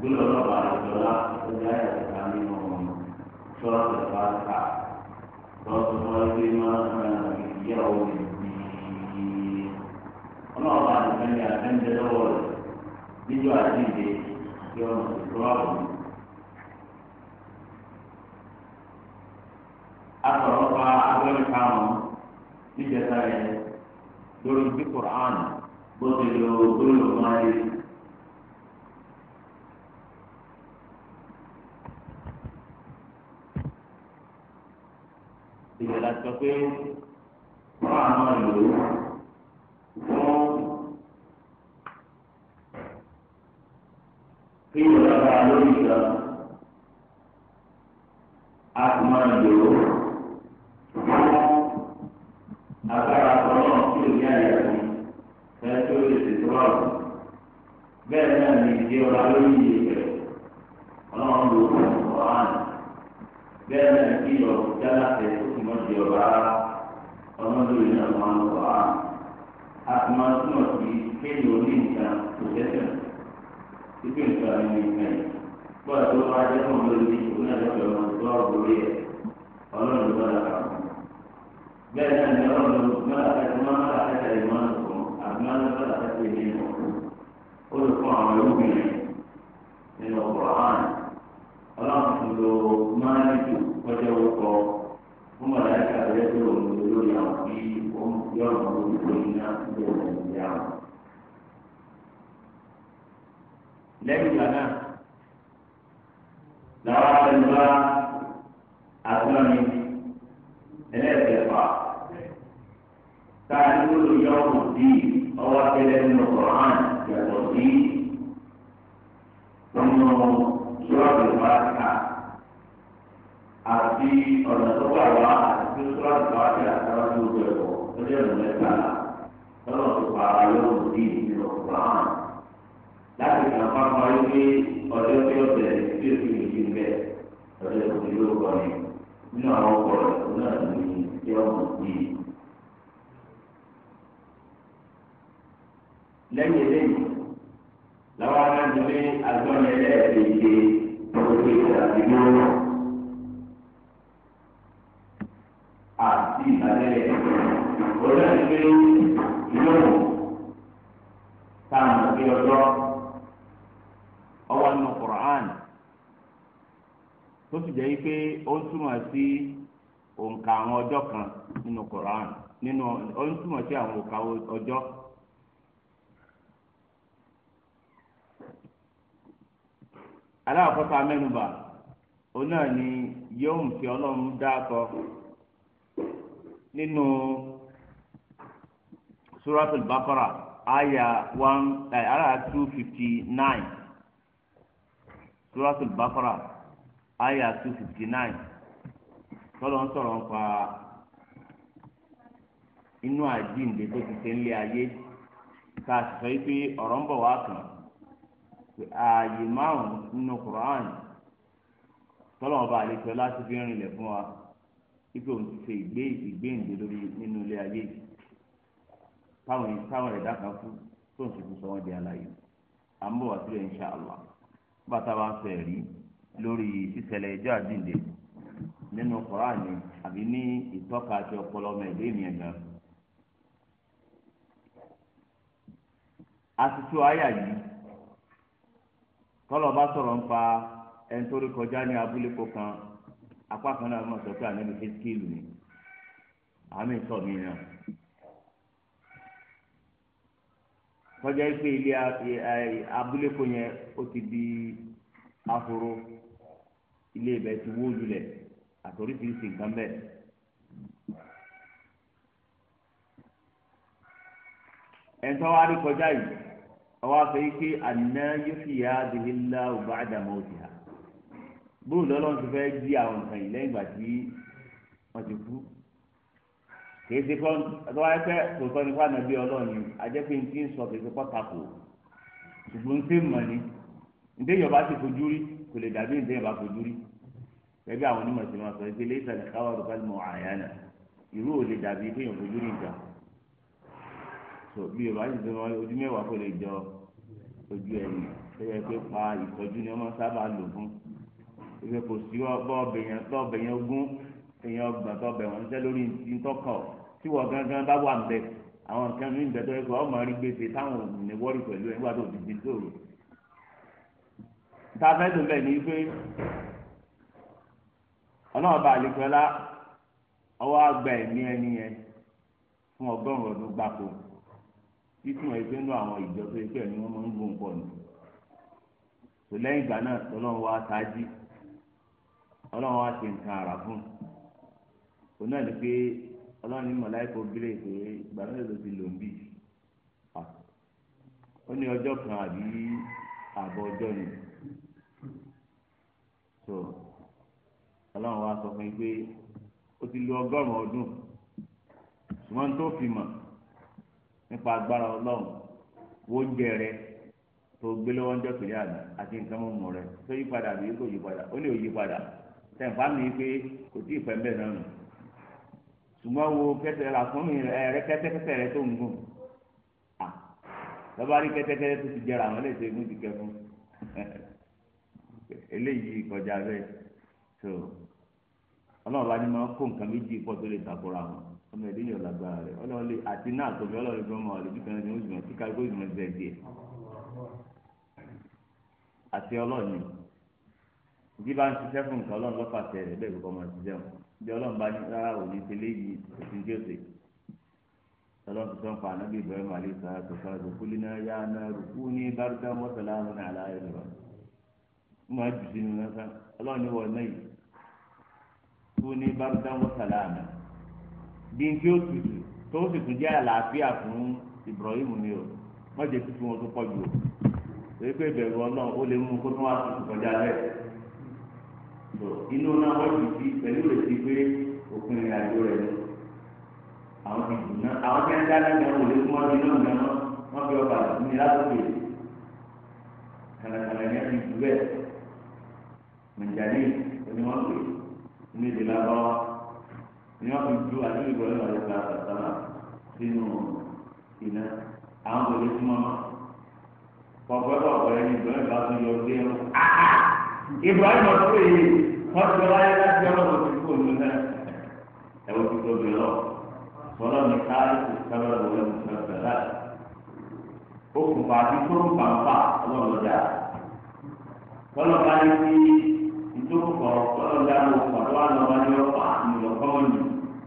gbọ́dọ̀ lọ́ba àjọlá ó dá ìyàtọ̀ nínú ṣọ́ọ̀ṣì pátá lọ́sọ̀ mọ́lẹ́bí máa ń ràn ìyàwó rẹ̀ bíi ọlọ́ọ̀bá àtẹ̀fẹ́ni àtẹ̀ǹdẹ̀ lọ́wọ́ rẹ̀ níjọ́ àjíǹde yọ ọ̀nà ìgbọ́ràn. Akọ̀rọ̀ pa agbẹ́rẹ́ karùn-ún níjẹta yẹn lórí bí Kùránù bó ti lo gbólóhùn máa yẹ. èèyàn sọ pé wọ́n àmọ́ lò ó fún kí ìjọba lórí ìjọ a sì máa lò ó fún agbára kan náà kí o ní àyà mi fẹ́ tó lè ṣètò ọ̀rọ̀ bẹ́ẹ̀ náà ní ìdí ọba lórí ìjọ ọlọ́run lò fún ọ̀hán bẹ́ẹ̀ náà kí ìjọba jáde tó di ọba ọmọdé yìí náà máa ń sọ á a ti máa túmọ̀ sí kéèyàn orí nǹkan kò tẹ́sán ibi nǹkan ní nǹkan yìí gbọ́dọ̀ tó bá jẹ́ fún mi lórí ìṣòro náà lọ́sọ̀rọ̀ máa ń tọ́ orí ẹ̀ ọlọ́run ló bára kà fún bẹ́ẹ̀ náà ni ọlọ́run máa kẹ́kẹ́ máa ń kà kẹ́kẹ́ lè máa ń sọ àbí máa ń lọ́ bára kẹ́kẹ́ lè ó lè fún àwọn irúgbìn nínú ọ̀pọ̀ àárín ọlọ́run ti máa ń dùn kọjá owó fún mọ̀láyà rẹ̀ tó lò ní lórí àwọn tí ó ń fi ọ̀nà lórí lórí náà ló ń fi àwọn. lẹ́yìn ìgbà náà làwọn àgbẹ̀lúwa àgbọ̀nmi ẹlẹ́ẹ̀kẹfà táàdúró yọ̀ọ̀mù bíi ọwọ́ akẹ́lẹ́ nínú kọ̀ọ̀án yàtọ̀ sí ọmọ yọ̀ọ̀mù bá kà àti ọ̀nà tó gbà wá àti tó sọ́ra tó wá sí àtàwọn tó gbẹ bọ̀ ó jẹ́ ọ̀nà mẹ́ta lọ́nà tó pa ara yóò wò ní ìdí ọ̀pọ̀ àwọn. láti kàn fún àwọn ayé ọjọ́ tí ó bẹ̀rẹ̀ tí ó fi lè fi bẹ̀ ọjọ́ tó fi yóò kọ́ ni nínú àwọn ọkọ̀ rẹ̀ tó náà ní ìdí ọ̀pọ̀ yìí. lẹ́yìn eléyìí làwọn aráàlú ní agbọ́n ẹlẹ́ẹ̀kejì tó ti ṣàfihàn àti ìdálẹ́lẹ̀. Òṣèlú ti pé ìlóhùn táwọn òbí ọjọ́ ọwọ́ nínú Quran tó jẹ́ pé ó ń túmọ̀ sí kan nínú Quran nínú ó ń túmọ̀ sí àwọn òǹkà ọjọ́. náà ni nínú suratul baqara àyà one eh, àyà two fifty nine two fifty nine ń sọ̀rọ̀ ń pa inú tó ti ṣe ń lé ayé ká sọ pé ọ̀rọ̀ ń bọ̀ wá kàn ààyè márùn-ún nínú àlejò ibi òun ti ṣe ìgbé ìgbéǹde lórí nínú ilé ayé yìí táwọn táwọn ẹ̀dá kan kú tó ń sìnkú sọ wọn di aláyé à ń bọ̀ wá sílẹ̀ insha Allah bàtà bá ń sọ ẹ̀rí lórí ìṣẹ̀lẹ̀ ẹjọ́ àjíǹde nínú Kùránì àbí ní ìtọ́ka àti ọpọlọ ọmọ ẹ̀dá ènìyàn gan. àtútù àyà yìí tọ́lọ̀ bá sọ̀rọ̀ ń pa ẹni tó rí kọjá ní abúlé kọ̀ọ̀kan apá kan náà mọ̀ sọ pé ànábi hezkiel ni àmì sọ mí náà kọjá pé ilé abúlé kò yẹn ó ti di ahoro ilé ibẹ̀ ti wó lulẹ̀ àtòrísìírísìí nǹkan bẹ́ẹ̀. ẹ̀ńtọ́ wa rí kọjá yìí ọwọ́ afẹ́ yìí pé àná yóò fi yá adìhílá ọba àdàmọ́ òsì hàn bóòlù lọ́lọ́run ti fẹ́ di àwọn nǹkan yìí lẹ́yìn ìgbà tí wọ́n ti kú kìí ṣe kọ́ ọ̀dọ́ wa pẹ́ tòótọ́ nípa nàbí ọlọ́run yìí ajẹ́pẹ́ ní ti ń sọ kìí ṣe kọ́ tako ṣùgbọ́n ń ṣe mọ̀ ni ǹdẹ́yìn bá ti fojú rí kò lè dàbí ǹdẹ́yìn bá fojú rí gẹ́gẹ́ àwọn onímọ̀ sí máa sọ pé lẹ́sà lè káwá ọ̀dọ́ kálí mọ̀ àyànà ìró ò lè dàbí kéèyàn fojú rí nǹkan tó bí yorùbá ti sọ ojú mẹ́wàá kò lè jọ ojú ẹ̀yìn tó yẹ pé pa ìtọ́jú ni wọ́n sábà lò fún ìgbẹ́ kò sí ọbẹ̀ yẹn ogún èèyàn ọgbọ̀n tó ọbẹ̀ wọn níṣẹ́ lórí ntọ́kọ̀ tí wọ́n gángan bá wà nbẹ àwọn nǹkan mi nbẹ tó yẹ kó ọmọ rí gbèsè táwọn ò ní wọ́ọ̀rì pẹ̀lú ẹ̀ nígbà tó ti di sóòrò. ta fẹ́ tó bẹ̀ ní pé ọlọ́ọ̀bà àlefẹ́lá ọwọ́ àgbà ẹ̀mí ẹni yẹn fún ọgọ́rùn-ún ọdún gbáko títún ẹ̀ pé nínú àwọn ìjọ tó yẹ kí ẹ̀mí wọn máa ń gùn pọ̀ nù. tòlẹ́yìn ìgbà náà lọ́lọ́run wá sáájì ọlọ́run wá ṣe nǹkan àrà fún un òun náà ni pé ọlọ́run ní mọ̀láìkò bílẹ̀ pé ìgbà mẹ́rin ló ti lò ń bì ó ní ọjọ́ kan àbí àbọ̀ ọjọ́ ni so ọlọ́run wá sọ fún yín pé ó ti lo ọgọ́rùn-ún ọdún ṣùgbọ́n tó fi mọ̀ nípa agbára ọlọ́run wóúnjẹ rẹ tó gbé lọ́wọ́ ń jọ́ kiri àná àti nǹkan mọ̀mọ́ rẹ tó yí padà àbí kò yí padà ó ní òyí padà. tẹ̀fà mi pé kò tí ì pẹ́ mbẹ́ náà nù wo kẹtẹ la fún mi ẹ̀rẹ́ kẹtẹkẹtẹ rẹ tó ń gùn à lọ́bàárí kẹtẹkẹtẹ tó ti jẹrà àwọn ẹlẹ́sẹ̀ egún ti kẹ fún eléyìí kọjá bẹ́ẹ̀ tó ọlọ́run ma kó nǹkan méjì pọ̀ tó lè takora wọn ọmọ ẹ̀dín yóò lágbára ọlọ́run lè àti náà tóbi ọlọ́run gbọ́n mọ́ àlejò kan ní oṣù mọ́ kíkà bí bá ń ṣiṣẹ́ fún nǹkan ọlọ́run lọ́pàṣẹ rẹ̀ bẹ́ẹ̀ kọ́kọ́ máa ṣiṣẹ́ wọn bí ọlọ́run bá ní rárá òní ṣe léyìí òsín tí ó ṣe ọlọ́run ti sọ́n pa anábì ibrahim alayhi salatu salatu kúlí náà yá náà rúkú ní bárúkà mọ́sálà ní aláyé rẹ̀ wọ́n máa jù sínú náà sá ọlọ́run ní wọ́n náà yìí kú ní bárúkà mọ́sálà àná bí n kí ó tutù tó sì tún jẹ́ inú náà wọ́n ti di pẹ̀lú rẹ̀ ti pé òpin ìrìn àjò rẹ̀ ni àwọn ti dùn náà àwọn tí wọ́n dá náà gan wọlé fún ọdún náà gan wọ́n fi ọba ní lásìkò yìí kàlàkàlà ní ẹni jù bẹ́ẹ̀ mẹ̀jáde ẹni wọ́n pè ní èdè lábáwá ni wọ́n fi ju àdúgbò ìgbọ̀lẹ́ wọn lẹ́gbẹ̀ẹ́ àtàtàlà sínú iná àwọn kò lè fún ọmọ kọ̀ọ̀kọ̀ ẹ̀kọ́ ọ̀kọ̀ ẹni ìgbọ̀lẹ́ ìbá tó yọ gbé ẹ̀rọ áá. Ibrahim ọdún pé wọ́n ti lọ ayé láti ọlọ́wọ́ ti kú òun náà ẹ̀wọ́n ti tó bí lọ. Sọlá mi ká ètò sábà lọ́wọ́ mi fẹ́ fẹ́ láti. Ó kùn fà bí tó ń pàǹpà ọlọ́run dà. Sọlá bá yẹ kí ìdókòkò ọlọ́run dà ló pọ̀ tó wà lọ́wọ́ ní ọ̀pá ìlọ̀kọ́wọ́n ní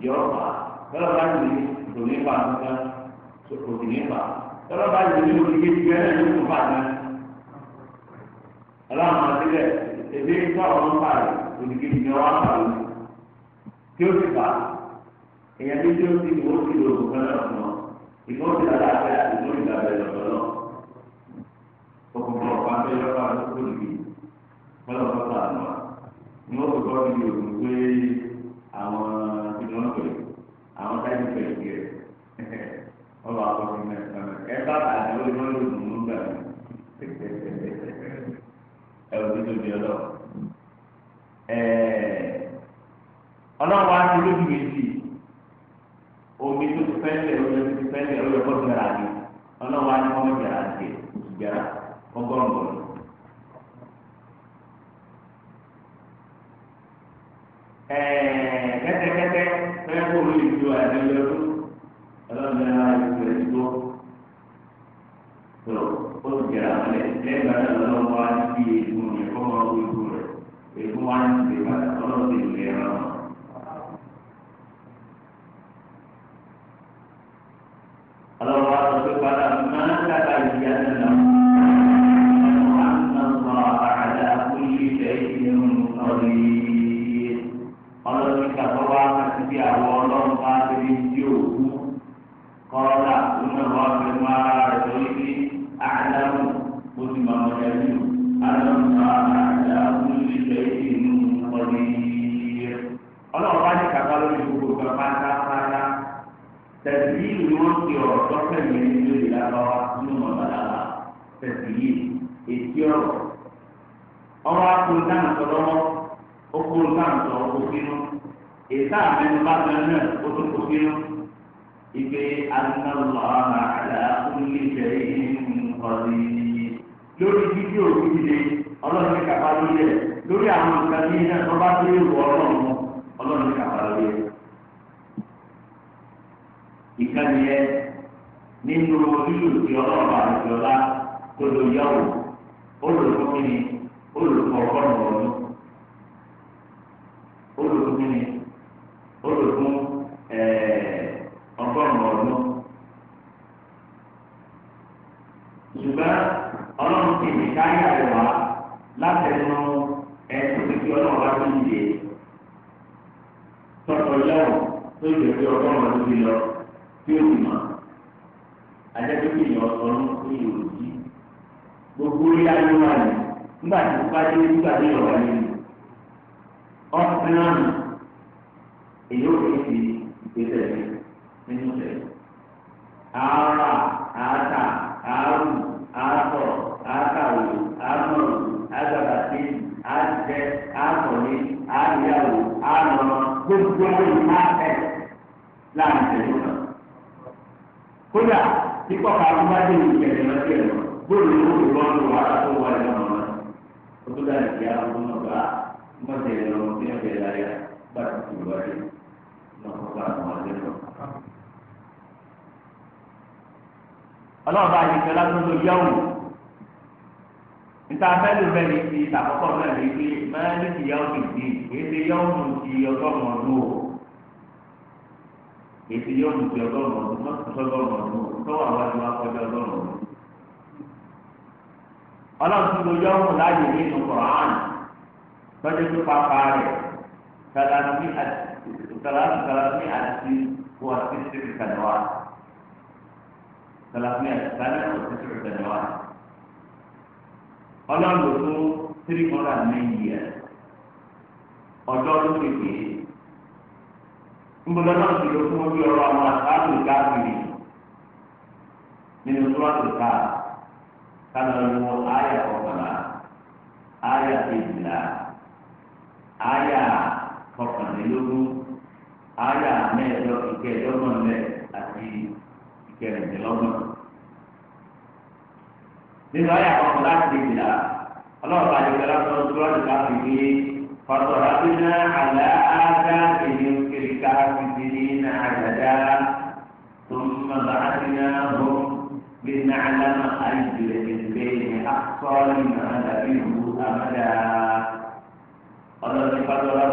ìyọ̀pá. Sọlá bá yẹ kí ìdòní pa nǹkan òkè nípa. Sọlá bá yẹ kí ìdòní pa nǹkan òkè nípa. Ọlọ́run àti bẹ́ẹ̀ èdè ń tọ́ ọ̀rọ̀ ń pa rẹ̀ òdìgidì ni wọ́n á pa lórí tí ó sì fà èèyàn bí tí ó sì wò ó sì lò ó fẹ́rẹ̀ ọ̀nà ìfọ́ sí dada abẹ́ àti lórí ìdàbẹ̀ lọ́dọọdọ òkùnkùn ọ̀pá tó yọ ọ́ àti kókò nìyí kọ́lọ̀ tó tà nù ní ó kókó ní òkú pé àwọn ìdánwò àwọn táyì pẹ̀lú rẹ̀ ọba àkọsí mẹ́ta ẹ bá àdéhùn lórí ìdùnnú gbà mí ẹ̀rọ tó tóbi ọlọ́ ọlọ́run wa ti lójú méjì omi tó ti fẹ́lẹ̀ omi tó ti fẹ́lẹ̀ omi ọkọ̀ ti yàrá ni ọlọ́run wa ni wọ́n yàrá ti oṣù yàrá ọgọ́rùn-ún. kẹ́tẹ́kẹ́tẹ́ fẹ́ẹ́ kó olóyè ju àìsàn yọ ọlọ́run ní ara ìlú rẹ̀ tó tó o ti yàrá mọ́lẹ̀ lẹ́gbàá náà lọ́wọ́. fi ọ̀rọ̀ tọ́pẹ̀ mi ní ilé ìlànàwá nínú ọ̀dàlà fẹ̀sì yìí èsì ọ̀rọ̀. ọ̀rọ̀ akuru dáhùn sọ lọ́wọ́ ó kúrò dáhùn sọ òfinú èsà àmẹ́nu bá bẹ́ẹ̀ náà ó tún òfinú. ìgbé anáwó àlà onílé ìfẹ́ yìí ọ̀rẹ́ yìí. lórí fídíò ìdílé ọlọ́run kàbá lórí lórí àwọn nǹkan yìí náà tó bá tó ọlọ́run ọlọ́run kàbá lórí ẹ̀ nínú ojúlù tí ọlọ́ọ̀bà àdìsọ́lá tó lo yàwó olùkọ́kínni olùkọ́ ọgọ́rùn-ún ọdún olùkọ́kínni olùkọ́ ọgọ́rùn-ún ọdún. ṣùgbọ́n ọlọ́run ti ní káyà rẹ̀ wá látẹnu ẹ̀ẹ́dẹ́gbẹ̀ tí ọlọ́ọ̀bà tó ń yè tọ́tọ̀ yàwó tó yẹ kí ọgọ́rùn-ún ọdún ti lọ tí ó sì máa adébíyì ọ̀sán ní ìròyìn gbogbo orí ayé ni nígbà tí ó bá dé nígbà tí ó wà nínú ọ̀sán náà èyí ò ní fi ìgbésẹ̀ nínú rẹ̀ ara. bá dé ìgbẹ́ ìrìnà sí ẹ̀rọ bóyá ìlú òkè wọn lò wá tó wà ní ọmọ náà ó tó dá ìgbé àwọn ọmọ bá wọn ti ẹ̀rọ ní ọ̀bẹ láyà bá ti tù wá dé lọ́kọ́ bá àwọn ọ̀dẹ́ lọ. ọlọ́run bá yẹ kẹlá tó lọ yẹ̀wò níta fẹ́lú bẹ́ẹ̀ ni ti ìtàkọ́kọ́ náà lè gbé mẹ́rin ti yẹ̀wò ti di èdè yẹ̀wò ti ọgọ́rùn-ún ọdún o èsì yóò mú ti ọlọ́run ọdún má ti sọ́lọ́run ọdún tọ́wọ́ àwọn àti wọn kọjá ọlọ́run ọdún. ọlọ́run ti lo yọ́ọ̀mù láàyè nínú Qur'an tọ́jú tó pápá rẹ̀ kàlàmì àti wọ́n ti sèrè kàdọ́wà kàlàmì àti sàlẹ̀ wọ́n ti sèrè kàdọ́wà. ọlọ́run ló tó three hundred and nine years ọjọ́ ló kékeré nbọdọ náà ti lọ fún ojú ọ̀rọ̀ àwọn àtàkù káàkiri nínú túwàtò káà kálọ ní wọn àyà kọkànlá àyà kejìlá àyà kọkànlélógún àyà mẹ́ẹ̀ẹ́dọ́ ìkẹẹ̀dọ́gbọ̀n lẹ àti ìkẹrìndínlọ́gbọ̀n. nínú àyà kọkànlá kejìlá ọlọ́ọ̀bá yóò fẹ́ lásán túwàtò káàkiri. فضربنا على آذانهم في الكافرين عددا ثم بعثناهم لنعلم أي الحزبين أحصى لما لبثوا أمدا قال فضرب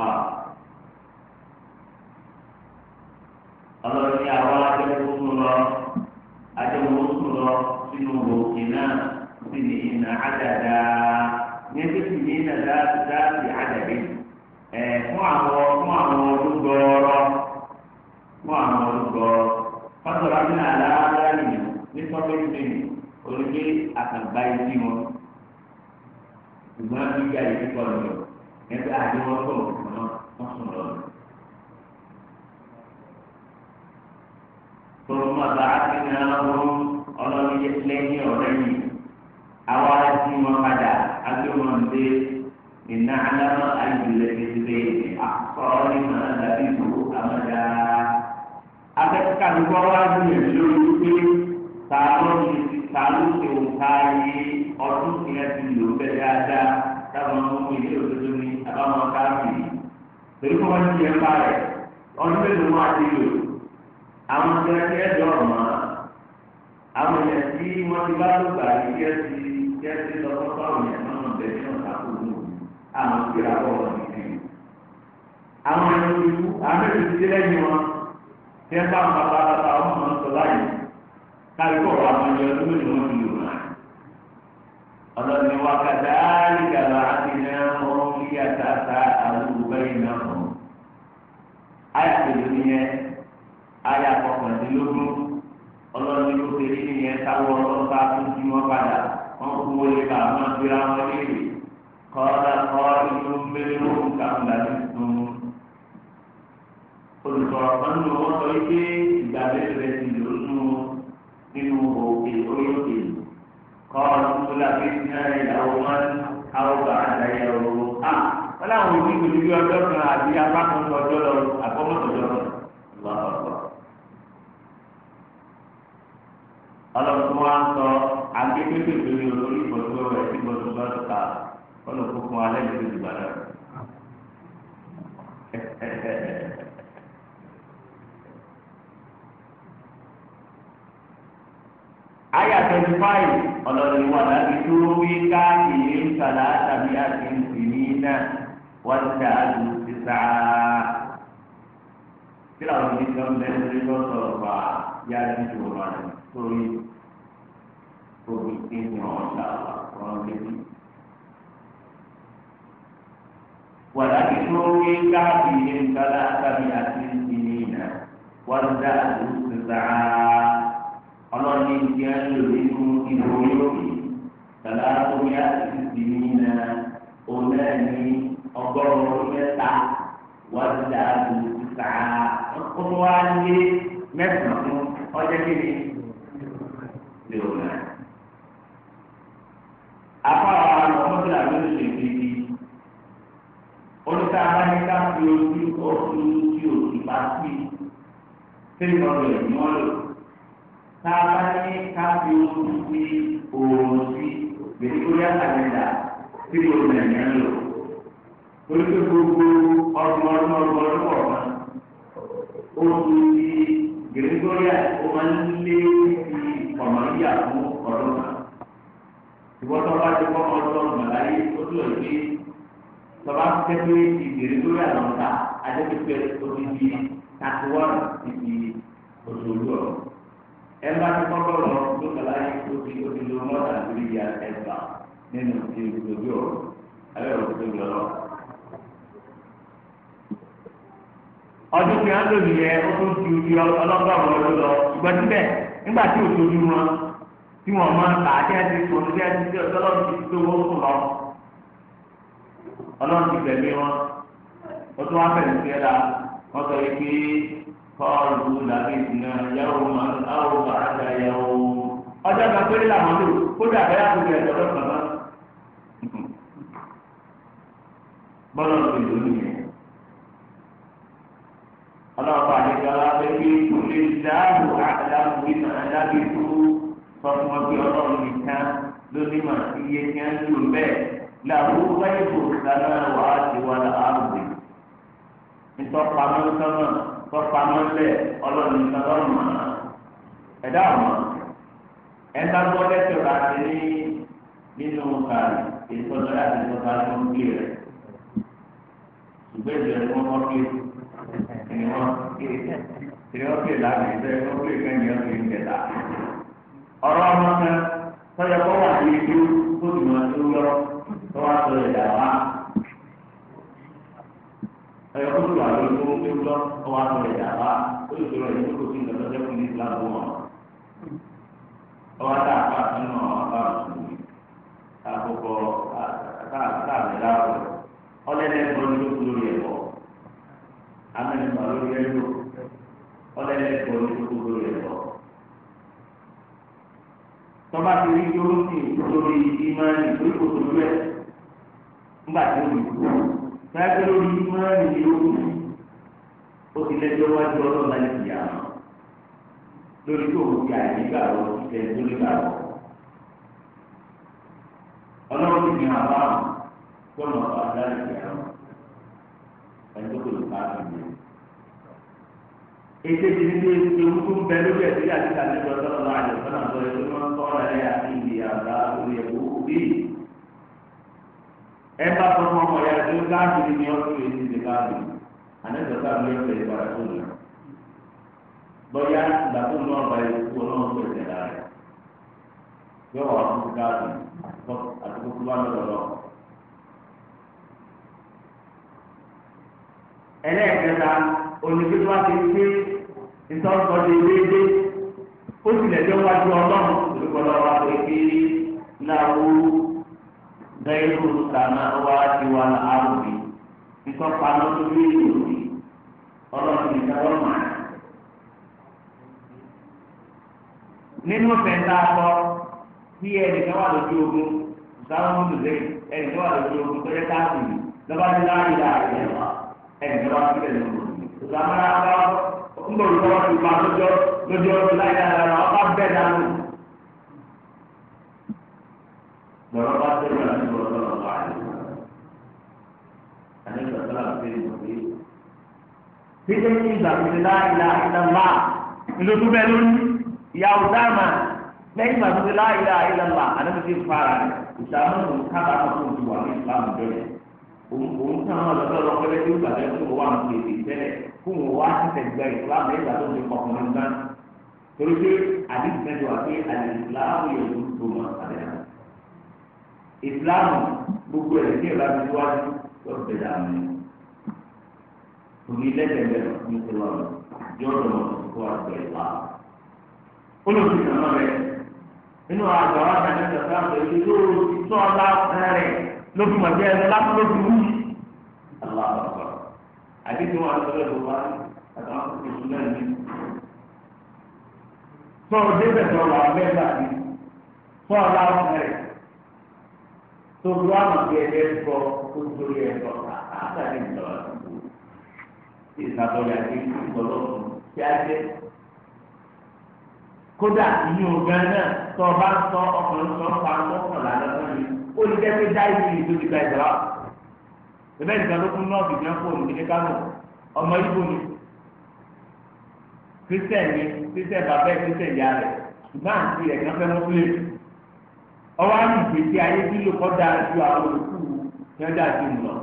الله ọlọ́run ní àwa ajẹ́kùn lọ ajẹ́kùn lọ sínú òkè náà sì ní ìnà àdàdà ní ẹgbẹ́ sì ní ìnà dáàbì àdàdì ẹ̀ fún àwọn fún àwọn fún àwọn aláàbáyé ní olùgbé ọmọ bàá ti ní ọlọ́run ọlọ́run yẹ lẹ́yìn ọ̀rẹ́ yìí àwa ti wọn padà agbẹ́wọ̀nde nínú alámọ̀ ayélujára títí akọ́ni máa dàbí ìlú amada. Abẹ́tíkà ló gbọ́ wá ní ìlú wípé tààrọ́ ni tààrọ́ ti ò káyé ọdún tí a ti lò bẹ́ẹ̀ dáadáa táwọn ọmọ ilé òdodo ní àbáwọn káàkiri. Pẹ̀lú kọ́ wọ́n ti yẹ ń bá rẹ̀ ọdún mélòó wọn àti lò. àwọn akẹ́kẹ́ ẹ̀dọ́ ọ̀mà àwọn èèyàn tí wọ́n ti bá gbà kí ẹ ti kí ẹ ti lọ àwọn èèyàn náà náà ní àwọn a bọ̀ wọ́n nìkan. àwọn ẹni ìlú àwọn èèyàn ti lẹ́yìn wọn tí ẹ bá wọn wọn mọ̀ sọ láyé wọn yọ ti lò wọn. ayé akọkàndínlógún ọlọ́run ló ṣe rí nìyẹn táwọn ọlọ́ta tó jí wọn padà wọn kú wọlé bá wọn gbéra wọn léèrè kọ́ra kọ́ inú mélòó nǹkan làbí tún. olùsọ̀rọ̀ kan nínú wọn sọ wípé ìgbà mélòó rẹ̀ ti lò nù nínú òkè olókè kọ́ ọdún tó làbí ní ìyàwó wọn àwọn bàtà ìyàwó a wọn làwọn òbí kò ní bí ọjọ́ kan àbí apá kan tó ọjọ́ lọ àkọ́mọ́tò lọ́rọ̀ lọ́rọ̀. ọlọ́run tó wá ń sọ agbẹ́pẹ́pẹ́ lórí olórí ìbọ̀dúgbọ́ rẹ̀ tí ìbọ̀dúgbọ́ rẹ̀ ká ọlọ́run tó fún alẹ́ ìlú ìgbà náà. ayé àtẹ̀jú fáyì ọlọ́run wà láti dúró wí káàkiri ń sàlá tàbí àti ìsìnì náà wọ́n ti àlù ti kí làwọn ìdílé ọ̀sẹ̀ ń lé lọ́sọ̀rọ̀ fà yára ní ìṣòro àná lórí gbogbo ìpín ìwọ̀n ọ̀la ọ̀rọ̀ lébi. Wàlákì tó rí káàdì ìgbàlá àtàbí àti ìnìyàn wàlúdà àdúgbò sàá ọlọ́ni ìdí ẹ̀rọ nínú ìlú yòókì sàlá omi àti ìnìyàn ọ̀lẹ́ni ọgọ́rùn-ún mẹ́ta wàlúdà àdúgbò sàá ọkọ̀ wa lé mẹ́sàn-án ọjọ́ kìíní zero nine. Afárá ọmọdé àbúrò ṣe kéde. Oníta Amẹ́ríkà fi ojú ọdún tí òkè bá sí. Three hundred ni wọ́n lò. Tá a bá ní ká fi ojú sí oòrùn sí Victoria Canada three hundred ni wọ́n lò. Oníṣẹ́ gbogbo ọdún ọdún ọdún ọdún ọ̀kan. Oṣù tí gregoria ó máa ń lé ti ọ̀nà yíyà fún ọdún kan ìwọ́tọ̀ bá ti kọ́ ọdún ọ̀nà láyé ó tún lọ sí tọ́ba ń tẹ́ pé ti gregoria lọ́n ta adébípẹ́ odidi tatuwọ́n ti òṣèlú ọ̀rọ̀ ẹ bá ti kọ́ ọdún lọ lókàlá yìí ó ti ó ti lo mọ́tà lórí ẹgbàá nínú ti òṣèlú ọ̀rọ̀ alẹ́ òṣèlú ọ̀rọ̀. ọdún tí wọn lòdì yẹ ó tó ju ti ọlọ́gọ́rùn ọdún lọ ṣùgbọ́n síbẹ̀ nígbà tí òṣòjú wọn tí wọn máa kà á jẹ́ ti tòun jẹ́ ti tí ọlọ́run ti tó owó sùn lọ ọlọ́run ti tẹ̀lé wọn ó tún wá fẹ̀lẹ̀ sí ẹ̀dá wọn sọ yìí pé kọ́ọ̀lù làbí ìsìnà yàwó máa áwò bàrádà yàwó ọjọ́ kan péré làwọn lò kódà bẹ́ẹ̀ àtúntò ẹ̀dọ́ lọ́sàn-án bọ́lá ọlọ́ọ̀bá àdégbàlá pépé kúlé dáàbò àdáàbò bímọ adábìkú fọfún ọbí ọlọ́run nìkan lónímọ̀ iye kí á lù bẹ́ẹ̀ làwọn wáyé kò sáná wà á ti wà láàbùdè ntọ́pamọ́ sọ́nà tọ́pamọ́ lẹ̀ ọlọ́run nìkan lọ́rùn mọ́ ẹ̀dá ọ̀mọ́ ẹ̀dá gbọ́dẹ̀ rà sí ní nínú kàrí ètò ọ̀dọ́ láti tó ká rẹ̀ ṣùgbọ́n ìbẹ̀rẹ̀ fún ọkọ̀ ìwọ̀n ìwọ̀n pè láti ìfẹ́ ìwọ̀n pè kẹ́ni ọ̀sẹ̀ ìjẹta. ọ̀rọ̀ ọmọ kan sọ́jà kọ́ wà ní ibi tó ti mọ̀ tó lọ tó wá sọ ìjà wá. ọ̀yọ́ kó tó wà lórí tó tó lọ tó wá sọ ìjà wá ó lè sọ̀rọ̀ ìjọba tó ti ń lọ sẹ́kùn ní ìlànà wọn. ọwọ́ tá a fà sínú ọ̀rọ̀ bá mi àkókò àtàlẹ́ láàrọ̀ ọlẹ́lẹ́ amẹnu ma lórí ẹlò ọlẹlẹ gbọ ní gbogbo lórí ẹlò tọba ti rí yóò sì lórí ìmọ̀ẹ́nì lórí kòtò lórí ẹ̀ ńgbà tí ó lù kú sáyẹ́pẹ́ lórí ìmọ̀ẹ́nì ni ó kù ó ti lẹ́jọ́ wájú ọlọ́run láti yà á lórí tó o ti àyè gbà lọ ilẹ̀ tó lè gbà lọ ọlọ́run ti ní àbá kọ́nà ọ̀dà ìgbà lọ ẹni tó lè bá ti lè. ètè ti ní pé ewu tó ń bẹ lórí ẹ̀sìn yà ti tàbí ọjọ́ ọ̀la àjọ sọ́nà tó yẹ kó wọ́n tọ́ ọ̀rẹ́ rẹ̀ àti ìdí àgbà orí ẹ̀kọ́ òbí. ẹ bá fọ fún ọmọ ya tó káàkiri ní ọdún yìí ti di káàkiri ànẹ́sọ̀tà ló ń bẹ̀rẹ̀ padà tó nà. bọ́yá ìgbà tó náà bá yẹ kó náà ń bẹ̀rẹ̀ lára yọ ẹlẹ́ẹ̀kẹta onídìí wa ti gbé ìtọ́sọ́dé déédéé ó sì lẹ́jọ́ wájú ọlọ́run olùkọ́lọ́ wa pé kí láwo gẹ́rù kàmá wá ti wà láàrúbí ìtọ́pa lọ́dún lórí ọlọ́run ìdáwọ́ mọ́ ẹ̀. nínú fẹ̀ntà akọ bí ẹnìkan wà lójú ogun ìtàwọn olùdẹ́yìn ẹnìkan wà lójú ogun tó yẹ káàkiri lọ́ba ní láàyè láàyè ẹ̀ wá ẹni tó wá sílẹ̀ lóru ìsàmúlá bá ńgbòrò tó wọ́n ti pa lójó lójó láì dára rà ọba bẹ́ẹ̀ dánú. lọ́rọ́ bá tẹ̀lé wà ní ìwọ̀n lọ́rọ̀ wà ní ìwọ̀n. àní ìgbàgbọ́lá ti ń bọ̀ bí. títí ní ìgbàgbọ́lá ìlà ìlà ńlá ìlójú bẹ́ẹ̀ lórí ìyàwó dáàmà lẹ́yìn ìgbàgbọ́lá ìlà ìlà ńlá àdébùtì fara ìsàmúlò kábàámọ̀ tó ti ní ìsàmù bẹ́ẹ̀ òun tí àwọn ọ̀dọ́ lọ pẹ́lẹ́ tí ó gbàgbé tó wà ní èdè tẹ́lẹ̀ fún wọn wá tẹ̀sẹ̀ gba ìsìlámù ẹ̀gbà tó ti kọkùnrin gbá torí pé àdìsí mẹ́jọ wà pé àdìsílámù yóò tún tó mọ̀ àlẹ́ àná. ìsìlámù gbogbo ẹ̀ ní ìlà tó wájú yóò fẹ́ dà mí. òní lẹ́gbẹ̀ẹ́ ní ìṣẹ̀lẹ̀ ọ̀nà yóò dọ̀ mọ̀ kó wá. ó lórí màjẹ ẹni láti lórí wú àwọn àgbà àdéhùn àtọ́lẹ̀ ló wá àtàwọn tó tó náà ní. sọ̀rọ̀ débẹ̀ sọ̀rọ̀ àbẹ́gbà ni sọ̀rọ̀ láwọn rẹ̀ tó lu àwọn bí ẹgbẹ́ kọ tó torí ẹ̀ lọ àtàlẹ̀ ìjọba àdúgbò ìsàtọ̀lẹ̀ àti ìgbọ̀lọ́sùn tí a jẹ́ kódà ìyún ọ̀gá náà tó o bá sọ ọkùnrin sọ pa ọkùnrin lálẹ́ lọ́yìn ó lè jẹ́ pé dáìsì yìí tó ti gba ìgbà wa bẹ́ẹ̀ nìkan ló kún nọ́ọ̀bì ní ọkọ̀ òní ní kánò ọmọ ibo ni kristian ni kristian bàbá ẹ̀ kristian yà rẹ̀ ṣùgbọ́n àti rẹ̀ kan fẹ́ mọ́ sílẹ̀ ọwọ́ àmì ìgbésí ayé tí ló da ju àwọn olùkú fẹ́dà ti mú lọ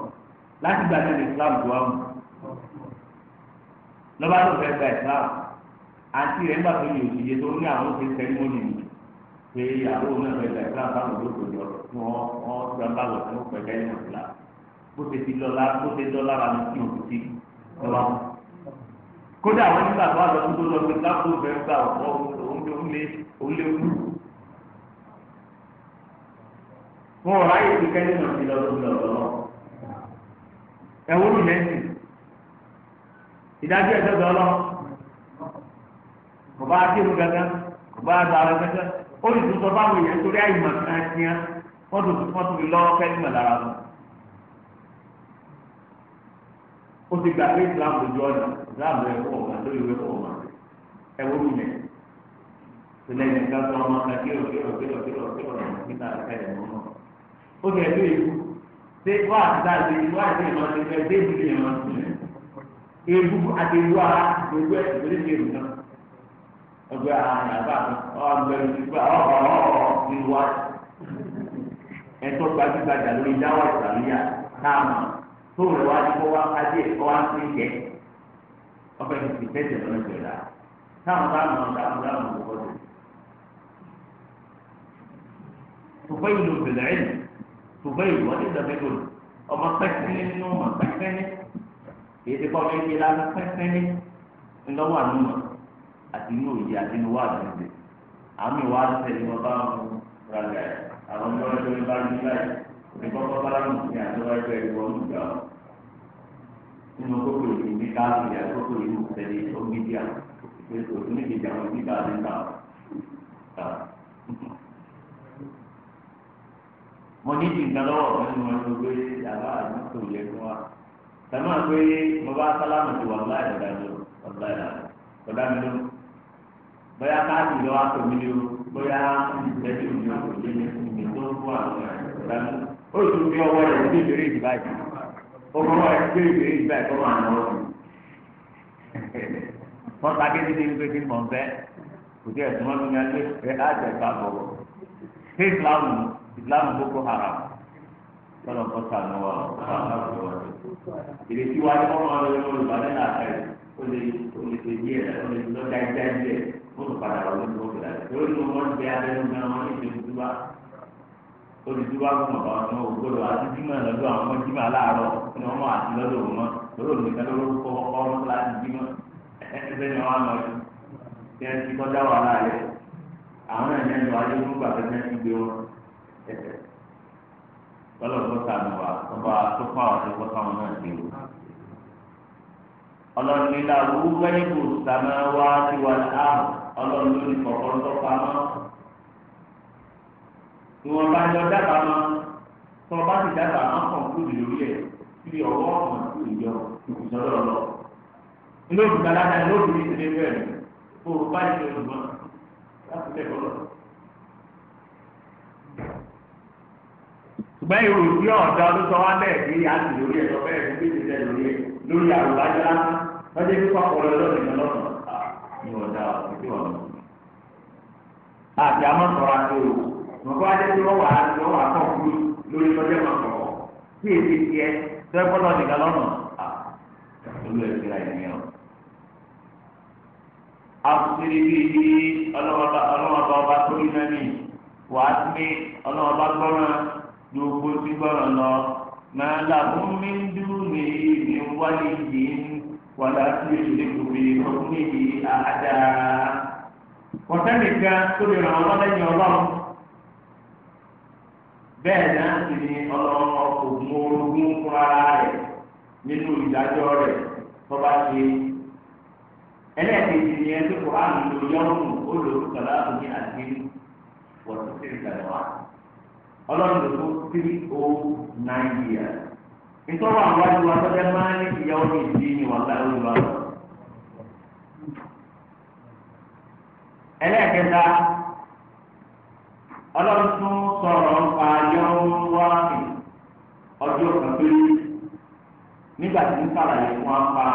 láti gba ní Islam tó wà mú lọ́ba tó fẹ́ gba Islam àti rẹ̀ ń bàtọ́ yòòyè tó ní àwọn ti sẹ́rímọ́nì nìyí pé ìyàwó náà fẹ́ fẹ́ fún àbáwò lóko yọ fún ọ wọn fún àbáwò tí wọn pẹ̀lẹ́ yìí wọn fìlà bó ṣe ti lọ́la bó ṣe dọ́là ra mi tí òkú sí lọ́wọ́. kódà àwọn nígbà tó àlọ́ tó lọ pé káfó fẹ́ gbà ọ̀ òun lé kú. wọn ò ráyè fi kẹ́lí náà ti lọ́dún lọ́dún ẹ̀wọ́n mi lẹ́sìn ìdájọ́ ẹ̀dọ́gbọ̀n lọ kò bá kírun gẹ́gẹ́ kò bá dàrú gẹ́gẹ́ olùdókòtò báwọn èèyàn torí àyùmọ̀ kan tiẹ́ wọ́n tó fún fọ́tò lọ́wọ́ kẹ́lí mọ̀ lára wọn. ó ti gbà pé islam lójú ọ̀nà islam rẹ̀ kọ̀ ọ̀gá lórí ìwé kọ̀ ọ̀gá ẹ wọ́n mi lẹ̀. ìpínlẹ̀ yìí ká sọ ọmọ kan kí òkè òkè òkè òkè òkè nígbà kẹlẹ̀ mọ́ náà. ó ti ẹ̀dọ́ èkú ṣé wá àtúntà ṣe wá àti ìmọ̀ ṣe fẹ́ dé ìdílé ìmọ̀ ṣe. èkú àti ìwà gbogbo ẹ̀ ọgbẹ àárín àbá ọgbẹni gbígbà ọhọọhọ nínú wa ẹ̀tọ́ gbajúgbajà lórí dáwọ ìsàlùyà táàmù tó rẹ wá ní kó wá kájí ẹ̀kọ́ wá sí ìjẹ ọbẹ ní ti tẹsẹ lọrọ ìjọba táàmù táàmù táàmù táàmù lọkọ tó. tùfẹ́ ìlú bẹ̀rẹ̀ ẹ̀ tùfẹ́ ìlú wọn ní ìdàgbẹ́ tó lò ọmọ pẹ́sẹ́ nínú ọmọ pẹ́sẹ́ ní èdè kọ́ ti lánàá pẹ́sẹ́ ní ńlọ́wọ́ àti inú òye àti inú wà àdúgbò àmì wà á tẹ̀lé wọn bá wọn ra gà ẹ̀ àwọn ọmọ ẹgbẹ́ mi bá rí báyìí òní kọ́kọ́ bá láwọn òfin àtọ́wọ́ ẹgbẹ́ ìwọ ń gbà ọ́ nínú kókò yìí ní káàkiri àkókò yìí mú tẹ̀lé ọgbẹ́dì à òtún ní kejì àwọn ìdíbà àti ìgbà ọ̀ mo ní ti nǹkan lọ́wọ́ nínú ẹni pé yàrá àdúgbò tó yẹ fún wa tẹ̀lé wọn pé mo bá sálámù ti wà láì ọ̀dà mi ọ̀dà mi lọ́wọ́ bóyá káàdì lọ́wọ́ àtòmí ni o bóyá ìgbẹ́jì ni o kò lè ní tó ń fún àwọn ìgbàlú. ó sì fi ọwọ́ rẹ̀ sí ìbéèrè ìgbà yìí ọwọ́ rẹ̀ sí ìbéèrè ìgbà yìí kọ́ máa lọ sí. wọ́n ta kí níbi wípé kí mọ̀ bẹ́ẹ̀ kò tí ẹ̀ tí wọ́n fi ní alẹ́ ẹ̀ àjẹ́ ìgbà bọ̀wọ̀. ṣé ìsìláàmù ìsìláàmù boko haram lọ́dọ̀ kọ́ sànù olùpadà wọlé tó kẹ oge lórí inú wọn jẹ abẹnú náà wọn ní ìdè dúdúwà olùdúwà fún ọba ọdún ògbóló àti dímọ lọ́dọ̀ àwọn ọmọ dímọ ní ọmọ àti òun náà ọmọ láti ni wọn lọ sí kọjá wà láàyè àwọn ẹni ẹni náà ti gbé wọn ọlọ́run ló ní kọ̀ọ̀kan tó pamọ́ ìwọ̀n bá yọ dábàá mọ́ tó o bá ti dábàá mọ́ kàn kúrò lórí ẹ̀ kiri ọwọ́ ọ̀hún sí ìjọ ìbùsọ̀rọ̀ lọ. ilé òdùgbà ládàá ilé òdùgbà ìṣẹ̀lẹ̀ bẹ́ẹ̀ ni kó o bá ìṣẹ̀lẹ̀ òdùgbà láti bẹ̀ kọ́ ṣùgbọ́n ìrò tí ọ̀dọ́ ló sọ wá bẹ́ẹ̀ kí á sì lórí ẹ̀ lọ bẹ́ẹ̀ kí ó lórí àrùbájọ́ ní ọ̀dà òkúté ọ̀nà. àti àmọ́ sọ̀rọ̀ àti òwò nǹkan ajé tí wọ́n wà á tí wọ́n wà á lórí lọ́jọ́ kan sọ̀rọ̀ tí èdè tiẹ̀ tó ẹ bọ́lọ̀ nìkan lọ́nà olú ẹ̀ ra bíi bí ọba tó rí náà nì wà á wàlá yóò gbé ọkùnrin yìí àdá. kọ̀tẹ́nìkan tó lè ràn wọ́n lẹ́yìn ọlọ́run bẹ́ẹ̀ náà sì ni ọlọ́run ògùn orogún fúnra rẹ̀ nínú ìdájọ́ rẹ̀ tọ́ba ṣe. ẹlẹ́ẹ̀kejì ni ẹni kò hàn oh years. ìtọ́wọ́ àwọn àdúgbò àtọ́jẹ́ máa ní ìyàwó ní ìdí ni wàhálà olùwà lọ. ẹlẹ́ẹ̀kẹta ọlọ́run tún sọ̀rọ̀ nípa yọ̀ọ́ wá mi ọjọ́ kan péré nígbà tí ń sàlàyé fún wa pa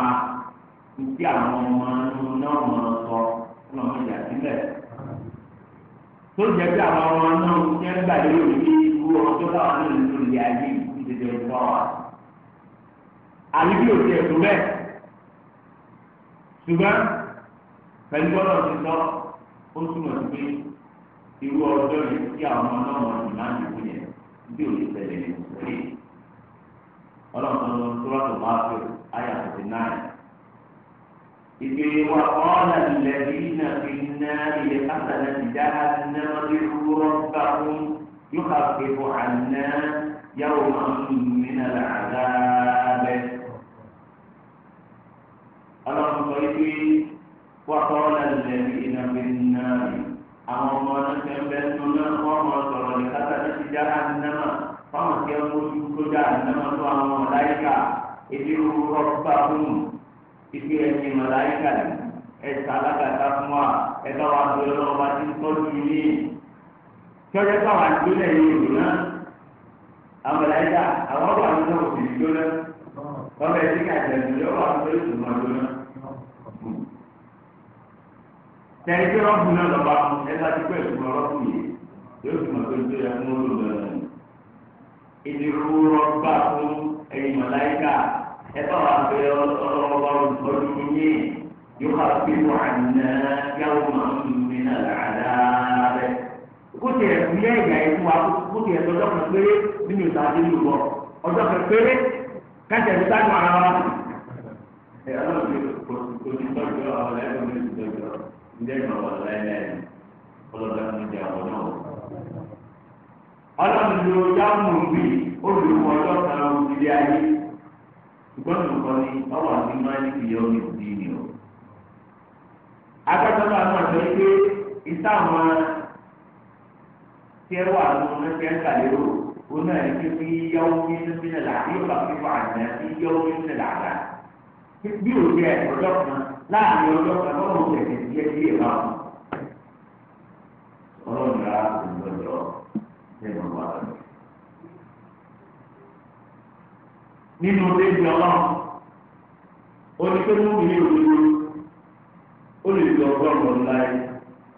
ìdí àwọn ọmọ náà mọ̀ ọ́ sọ fún ọmọ ìyá sílẹ̀ tó jẹ́ pé àwọn ọmọ náà ń gbà lérò ní irú ọjọ́ táwọn náà ń lò ní ayé ìdíje ìfọwọ́ àbí bí òsì ẹ̀sùn bẹ́ẹ̀ ṣùgbọ́n pẹ̀lú bọ́lá ti sọ ó túmọ̀ sí pé irú ọjọ́ yìí tí àwọn ọmọ náà wọ́n ti máa ń dìbò yẹn bí òsì tẹ̀lé ní ìsọ̀rí ọlọ́run tó ń tó rọ́tò fẹ́ àyà tẹ̀lé náà ìgbé wa kọ́ọ̀lá ìlẹ̀bí náà fi ná ilẹ̀ kásánà ti náà lé wúrọ́ bá fún yóò ká pé fún àná yàwó máa ń mú mi náà làádáa bẹ́ẹ̀ ọlọ́run sọ pé wàkọ́ lẹ́lẹ́ iná bí náà àwọn ọmọ ọlọ́sẹ̀ ń bẹ tó náà ọmọ sọ̀rọ̀ ní kátà ní ti dára nínámà fáwọn kẹ́ ń mójú tó dáa nínámà tó àwọn mọ̀láyíkà èdè rọ́bà fún ìgbé ẹ̀sìn mọ̀láyíkà ẹ̀sà alágàtà fún wa ẹ̀ka wa tó lọ́wọ́ bá ti ń tọ́jú yìí tọ́jú káwọn àdúlẹ̀ yìí rò náà àwọn mọ̀láyíkà àwọn ọ̀rọ̀ àdúlẹ̀ òsì tẹ̀lé pé rọ́ọ̀bù náà lọ́ba fún ẹ láti pẹ́ ìfún rọ́ọ̀bù yìí yóò fi mọ̀ pé ń tó yẹ fún olùdó rẹ̀. ìdìrú rọ́ọ̀bà fún ẹ̀yìn mọ̀láyíkà ẹ bá wà pé ọlọ́wọ́ ọdún yìí yóò kà pé wà nà yàwó màá ń mi nà làdá rẹ̀. kó tiẹ̀ fúyẹ́ ìgbà yẹn fún wa kó tiẹ̀ lọ́jọ́ kan péré nínú ìtàgé ló wọ̀ ọjọ́ kan péré kájà ìtàgé ara wa. ẹ ọlọ́run ilé ìgbà wà láìláì ọlọ́dà ní ìjà wọn náà. ọlọ́run ló dáhùn bí olùkọ́ ọlọ́ta òkìlẹ̀ ayé ṣùgbọ́n olùkọ́ ni ọwọ́ àti máa ń fi yọ ìdí ni o. akẹ́kọ̀ọ́ náà sọ pé ìsáwọn tí ẹ wà lóun ní fẹ́ ń kàlérò òun náà ní pé yíyáwó ní sílẹ̀ làá yóò bá fífa àná yíyáwó ní sílẹ̀ àná bí òun jẹ́ ọjọ́ kan láàrin ọjọ́ ọlọ́run tẹ̀lé díẹ̀ díẹ̀ bá wọn ọlọ́run rà lọ́jọ́ nínú wa lọ́jọ́. nínú lẹ́yìn ọlọ́run oníkéwọ́n mi òdodo ó lè lọ ọgọ́rùn-ún láyé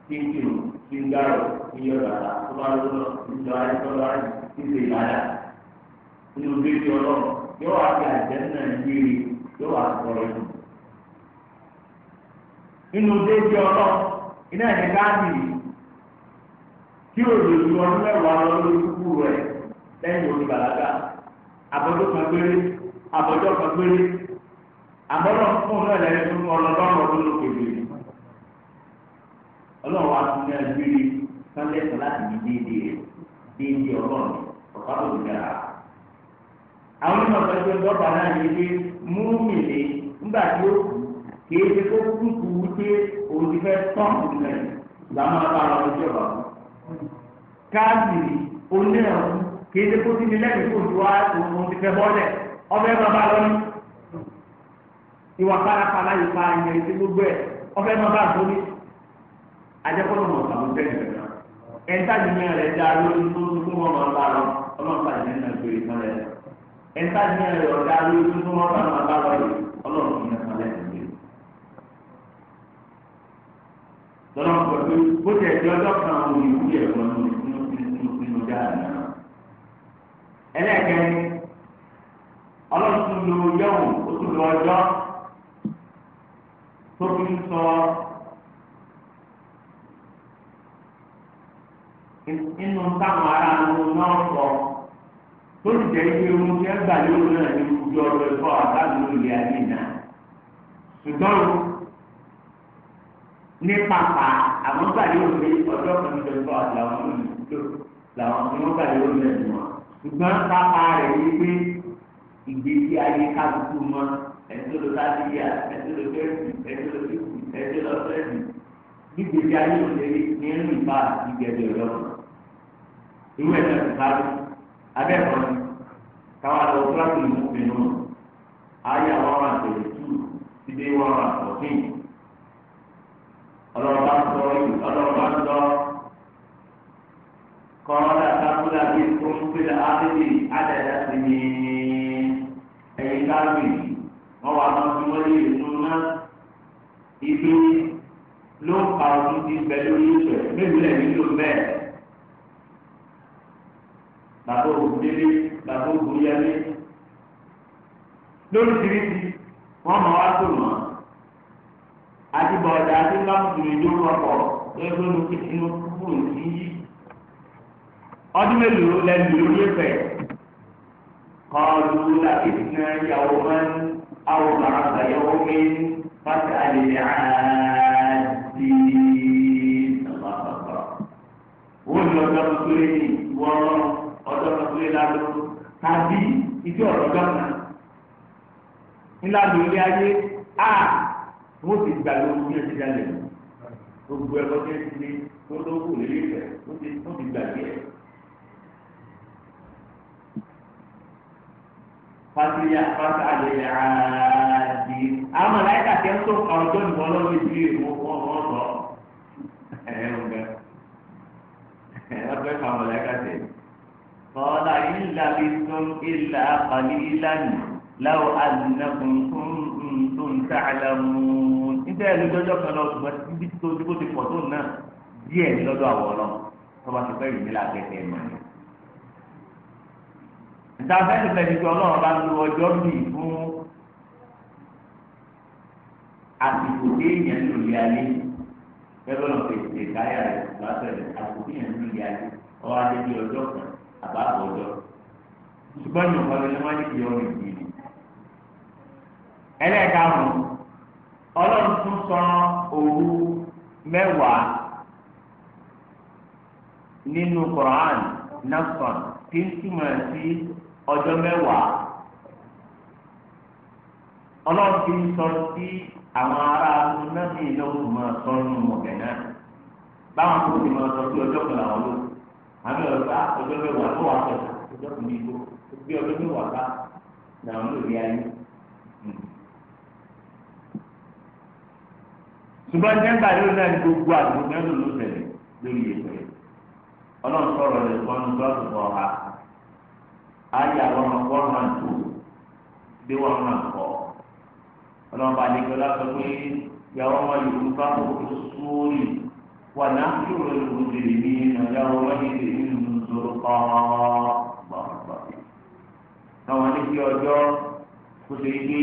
kí kí n dárò kí n yọ tó bá lọ́dọ̀ nígbà ayé tó bá rìn kí n nínú lẹ́yìn ọlọ́run yóò wá fi àjẹ́ náà yé yóò wá sọ̀rọ̀ yìí. nínú déédéé ọlọ́run iná ẹ̀dẹ̀ gáàdì tí ò lè ju ọdún mẹ́wàá lọ lórí kúkú rẹ̀ lẹ́yìn òní bàlágà àbọ̀dọ̀ kan àbọ̀dọ̀ kan àbọ̀dọ̀ fún un lẹ́yìn tó ń ọlọ́dọ́rùn ló pèsè ọlọ́run wa tún náà gbére sọ́ndẹ̀ sọ láti di déédéé déédéé ọlọ́run ọ̀pá tó ń àwọn onímọ̀ ọ̀sán tó ń múmi tí ka ṣe kó kúkú wípé òun ti tán ìlẹ̀ làwọn abára ọjọ́ bá wọn. káàdì onírànwọ́ kìí kó sí mi lẹ́yìn kó ju bọ́lẹ̀ ọbẹ̀ bàbá ìwà yìí pa ìyẹn gbogbo ẹ̀ ọbẹ̀ bàbá ajẹ́kọ̀ọ́ sàmú ẹ̀ńtà rẹ̀ dá lórí ọlọ́ọ̀ta náà gbé lọ́nà pọ̀ pé bó tẹ̀ ẹ̀jẹ̀ ọjọ́ kan àwọn ìlú yẹ̀ wọ́n ní inú dáadáa náà. ẹlẹ́ẹ̀kẹ́ ọlọ́run tún lo yẹ̀wò ó tún lo ọjọ́ tó fi ń sọ inú táwọn ará ló náà sọ tó ti jẹ́ ibi ohun tí ẹ gbà lóru náà ní ojú ọjọ́ ẹ̀fọ́ àbámu ilé ayé náà ṣùgbọ́n o ní pàpà àwọn gbà yóò gbé ọjọ́ kan tó gbọ́ làwọn olùdó làwọn tí wọ́n gbà yóò lẹ̀ mọ́ ṣùgbọ́n pàpà rẹ̀ yí pé ìgbésí ayé kálukú mọ́ ẹ̀sùn ló bá ti yá ẹ̀sùn ló fẹ́ẹ̀sì ẹ̀sùn ló fi kù ẹ̀sùn ló fẹ́ẹ̀sì nígbèsí ayé òṣèré ní ẹ̀rù ìbá ìgbẹ̀dẹ̀ ọlọ́run irú ẹ̀sẹ̀ ti bá lù abẹ́ẹ̀kọ́ ni káwá lọ kíláàsì ìmúpinnu ayé àwọn àtẹ̀lẹ́tù ọlọ́ọ̀bá sọ yìí ọlọ́ọ̀bá sọ kọ́ńtà sábúlà bí tó ń pè lọ ábẹ́bí àdàdà sí ni ẹ̀yìn káàbì wọ́n wà máa fi wọ́n lé ìlú ná ibi ló ń pa ọdún ti bẹ lórí ìṣẹ̀ mélòó lẹ́yìn ló bẹ́ẹ̀ bàbá òkú délé bàbá òkú yẹlé lórí tìrìtì wọ́n máa wá tó mọ́ àti bọ̀dà àti lámùsùlùmí ìdúró ọkọ̀ ẹgbẹ́ ló ti inú kúrò sí yí. ọdún mélòó lẹ́nu lórí ẹ̀fẹ̀ kọlu làkìtìnà yàwó mẹ́rin àwọn màràkà yàwó mẹ́rin pàṣẹ àlèlè àdì wọ́n ní ọjọ́ mọ̀tòlé ní wọ́n ọjọ́ mọ̀tòlé ládó tàbí ìdí ọ̀rọ̀ gọ́nà ńlá lórí ayé a wọ́n ti gbà lórí bí ẹ̀sìn dalẹ̀ mọ́ gbogbo ẹ̀kọ́ tẹ́ ti ní tó ló kù lórí ìfẹ́ wọ́n ti wọ́n ti gbà bí ẹ̀. fasiya fasa ayẹyẹ aadi àwọn aláìka tẹ ń tó àwọn tó nìkan lọ sí ibi ìwọ wọn sọ ẹ ẹ ń ẹ ẹ fẹ fà wọn tẹ kọ́lá ìlà bí tún ìlà kàlí ìlànà láwọn àdìnnà kùnkùn tó ń tàlámù bẹ́ẹ̀ lójọ́jọ́ kan lọ ṣùgbọ́n ibi tó ti kó ti pọ̀ tó náà díẹ̀ ní lọ́dọ̀ àwọ̀ lọ tọ́ba ti fẹ́ yìí lágbẹ̀tẹ̀ mọ̀ ní. ìta fẹ́ẹ́ fẹ́ ni pé ọlọ́run bá lu ọjọ́ bíi fún àsìkò téèyàn ń lò lé ayé fẹ́ẹ́ lọ́n fi ṣe káyà rẹ̀ lásẹ̀rẹ̀ àsìkò téèyàn ń lò ayé ọwọ́ adé bíi ọjọ́ kan àbáàbọ̀ ọjọ́ ṣùgbọ́n ìyọ̀kọ́ mẹ́wàá nínú koran nafsan tí ń túmọ̀ sí ọjọ́ mẹ́wàá ọlọ́run ti ń sọ sí àwọn ará máa sọ ọ̀gẹ̀ náà báwọn sọ sí ọjọ́ kan làwọn ọ̀gá ọjọ́ mẹ́wàá tó wà pẹ̀lú ọjọ́ kan ní ọjọ́ mẹ́wàá bá ṣùgbọ́n nígbà yóò náà ní gbogbo àdúgbò mẹ́rin ló tẹ̀lé lórí ìpè ọlọ́run sọ̀rọ̀ lè kọ́ ní sọ́ọ̀tù fún ọ̀ha ayé àwọn ọ̀pọ̀lọpọ̀ máa ń tó bí wọ́n máa ń kọ́ ọlọ́run bá dégbé lọ́sọ pé yàwó wọn yòókù bá kókó sórí wà náà yóò lè lò dèrè ní ìnáyàwó wọn yìí dèrè ní ìlúzọrọ pàápàá táwọn ní kí ọjọ́ kó ṣe gbé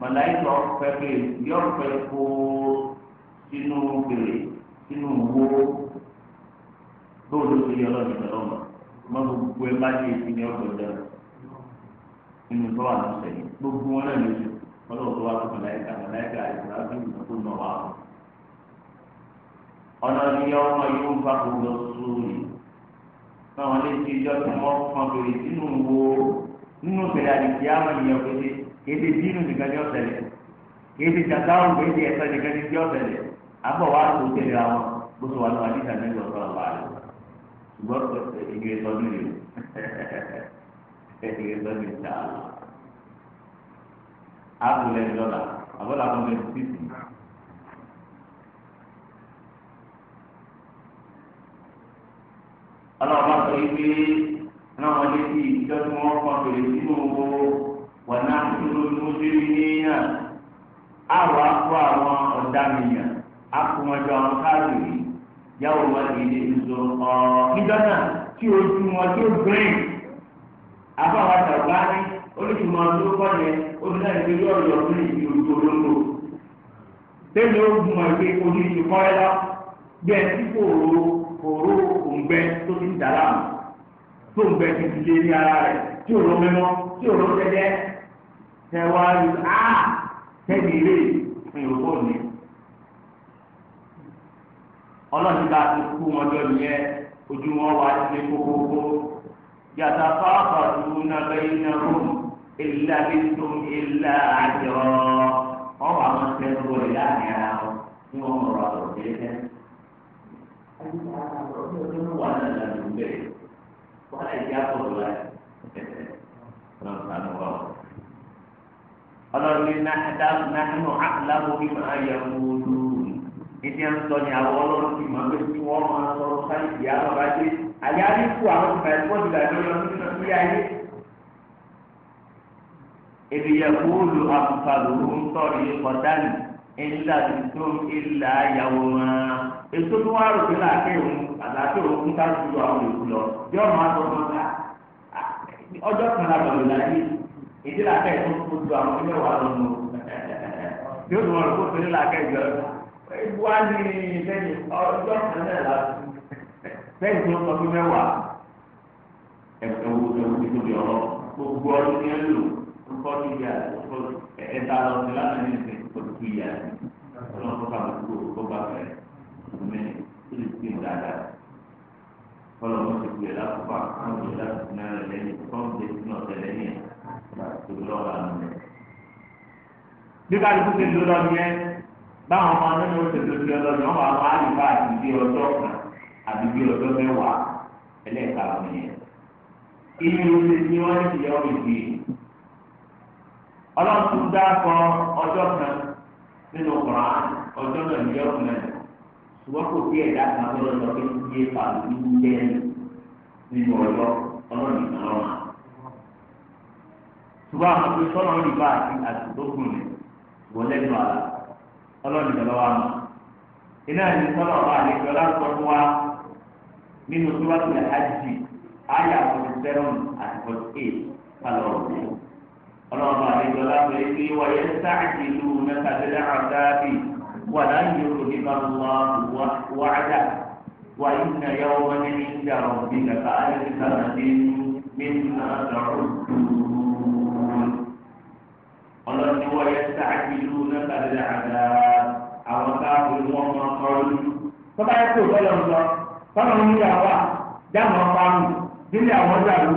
màláìsọ̀ pẹ́pẹ́ yọ̀ọ̀pẹ́ kó sínú gbèrè sínú owó lóòótọ́ tó yẹ ọlọ́ọ̀dẹ lọ́mọ ọmọ gbogbo ẹ bá ṣe èsì ní ọgbọ̀n dẹ nínú tó wà lọ́sẹ̀ yìí gbogbo wọn náà lóṣù ọlọ́wọ́ tó wà tó mọ̀láyíkà mọ̀láyíkà ìgbà tó yìí tó nà wà á ọ̀nà ìyá ọmọ yóò bá kó lọ sóòrì táwọn létí ìjọ tí wọ́n kàn bèrè sínú wo nínú bèrè àdìsí àmọ́ ìyẹn pété kéde bínú nìkan ní ọ̀sẹ̀ lẹ̀ kéde jàdáwò kéde ẹ̀sẹ̀ nìkan ní ọ̀sẹ̀ lẹ̀ àbọ̀ wà tó tẹ̀lé ra wọn bó ṣe wà ní wàjú ìtàn nígbà ọ̀sán ọ̀bà rẹ̀ ṣùgbọ́n ìgbé sọdún yìí o ìgbé sọdún yìí ta àbúlé lọ́la àbọ̀là fún mi títì. ọlọ́run bá sọ yìí pé náà wọ́n lé sí ìjọ tí wọ́n kọ́ fèrè sínú owó wọn tó lójú lójú ní àrò àpò àwọn ọ̀dà mìíràn akọmọjọ àwọn káàdìrì yàwó wọn kì í lè nzọ ọ níjọ náà tí ojú wọn tó green àbáwá tàgbá ní olùdìmọ̀ tó kọ́ yẹn olùdarí pé yóò yọ green ní ojú olóńgbò tẹ́lẹ̀ ogun wọn pé ojú ti kọ́ ẹ lọ bí ẹ ti kòrò òǹgbẹ tó ti ń dàrá tó ń bẹ ti ti lé ní ara rẹ̀ tí òró mẹ́mọ́ tí òró dẹ́dẹ́ tẹ̀wá yìí á tẹ̀lé ilé ìròpọ̀ nìyẹn ọlọ́run bá ti kú wọn jọ nìyẹn ojú wọn wà ní kókókó yàtọ̀ fáfà tó ná bẹ́yìn náà kó ìlà bí tó ìlà àjọ wọn wà wọn tẹ gbogbo rẹ láàrin ara wọn ní wọn rọra lọ délé tẹ. ọlọ́run ní náà dáhùn náà nù àkàlà yẹ wọ́n lù ìdí ẹ̀ ń sọ ní àwọn ọlọ́run ti máa ń gbé tí wọ́n máa sọ sáyẹ̀dì àwọn bá dé àyà ní kú àwọn ìgbà ẹ̀kọ́ ìgbà ìgbà ìgbà ìgbà ayé. èdè yẹ kó lu àbùkàlù ń tọ̀rí kọ̀dánì ńlá tó ńlá yàwó máa. èso tó wá rò pé láàkẹ́ òun àtàkẹ́ òun ká ju àwọn èkó lọ bí wọ́n máa sọ fún ká ọjọ́ kan la bọ̀ lọ́la yìí ìdí làkẹ́ tó ju àwọn ẹlẹ́wàá lọ́nà yóò lọ́ọ́ rò kó wá Ali, lẹ́yìn ọjọ́ kan náà láti lẹ́yìn tó ń sọ fún mẹ́wàá ẹ̀fọ́ owó tó ń tóbi ọ̀rọ̀ gbogbo ọdún ní ẹlò nkọ́ni yà ẹ̀ẹ́dá lọ sí lánàá ní ìsìn òtútù yà ọlọ́run tó bá mi kúrò tó bá fẹ́ ọdún tó lè sìn dáadáa kọlọ̀ wọn ti gbé lápá wọn ti láti fún ẹrẹ lẹ́yìn wọn ti fún ọ̀tẹ̀ lẹ́yìn ẹ̀ tó lọ́wọ́ àná rẹ̀. bí káàdì kúkẹ́ ló lọ yẹn báwọn ọmọ nínú òṣèlú ti ọlọ́dún wọn máa wá ìfà àti bí ọjọ́ kan àti bí ọjọ́ mẹ́wàá ẹlẹ́ẹ̀ka ọ̀hún yẹn. iye oṣù tí wọ́n ti yọ ìdí ọlọ́run tún dákọ ọjọ́ kan nínú kọ̀ọ̀án ọjọ́ náà ní ọ̀hún náà ṣùgbọ́n kò sí ẹ̀dá kan tó lọ́dọ̀ pé kí ẹ fà lóyún bẹ́ẹ̀ nínú ọjọ́ ọlọ́run ìgbà ṣùgbọ́n àwọn ọlọ́ọ̀ni lọ́wọ́ àná iná ní sọ́nà ọba àlejò ọlọ́sọ̀rọ̀ wa nínú tó bá ti lè hajj ayé àkọsí sẹ́rọ̀n àti forty eight kálọ̀ ọ̀gbìn ọlọ́ọ̀ba àlejò ọlọ́sọ̀rọ̀ èké wáyé sáàjì ìlú mẹ́tàlélẹ́ àdáàbì wà láyé òní bàbá wàdà wà ìnà ọlọ́ni wọ́n yẹ sáàkìlú nàkàlẹ̀ àdá àwọn káàkiri wọn máa ń kọ́ lójú. tọ́ba yẹ kó bẹ́ẹ̀ lọ sọ tọ́ba ń yà wá dáhùn ọ̀pá mi nílé àwọn ọjà lò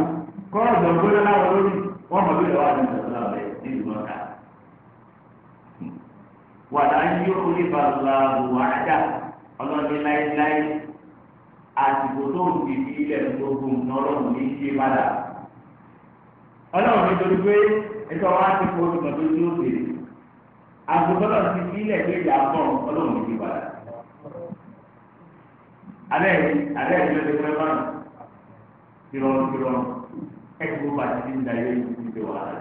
kọ́ ọ̀dọ̀ gbólé láwọn lórí wọ́n mọ̀ bí lọ́wọ́ àti ìṣẹ̀lẹ̀ ọ̀rẹ́ nílùú àsìkò tó ń fi ilẹ̀ gbogbo ọlọ́run ní ṣe padà ọlọ́run nítorí pé nígbà wọn á ti kó oṣù kan tó tí ó tèlé agbègbọ́dọ̀ ti fi ilẹ̀ tó ìjà bọ̀ ọlọ́run ti padà alẹ́ yìí alẹ́ yìí lọ́dẹ fún ẹgbẹ́ náà tirọ̀n tirọ̀n ẹ̀kọ́ bá ti di ń da yẹn ní ti wà á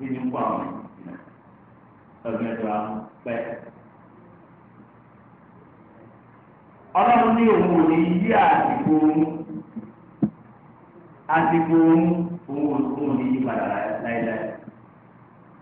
ní ní kó àwọn ọ̀gbìn ẹ̀dọ̀ àwọn pẹ́. ọlọ́run ní òun ò ní yí àsìkò òun àsìkò òun òun ò ní yí padà láéláé.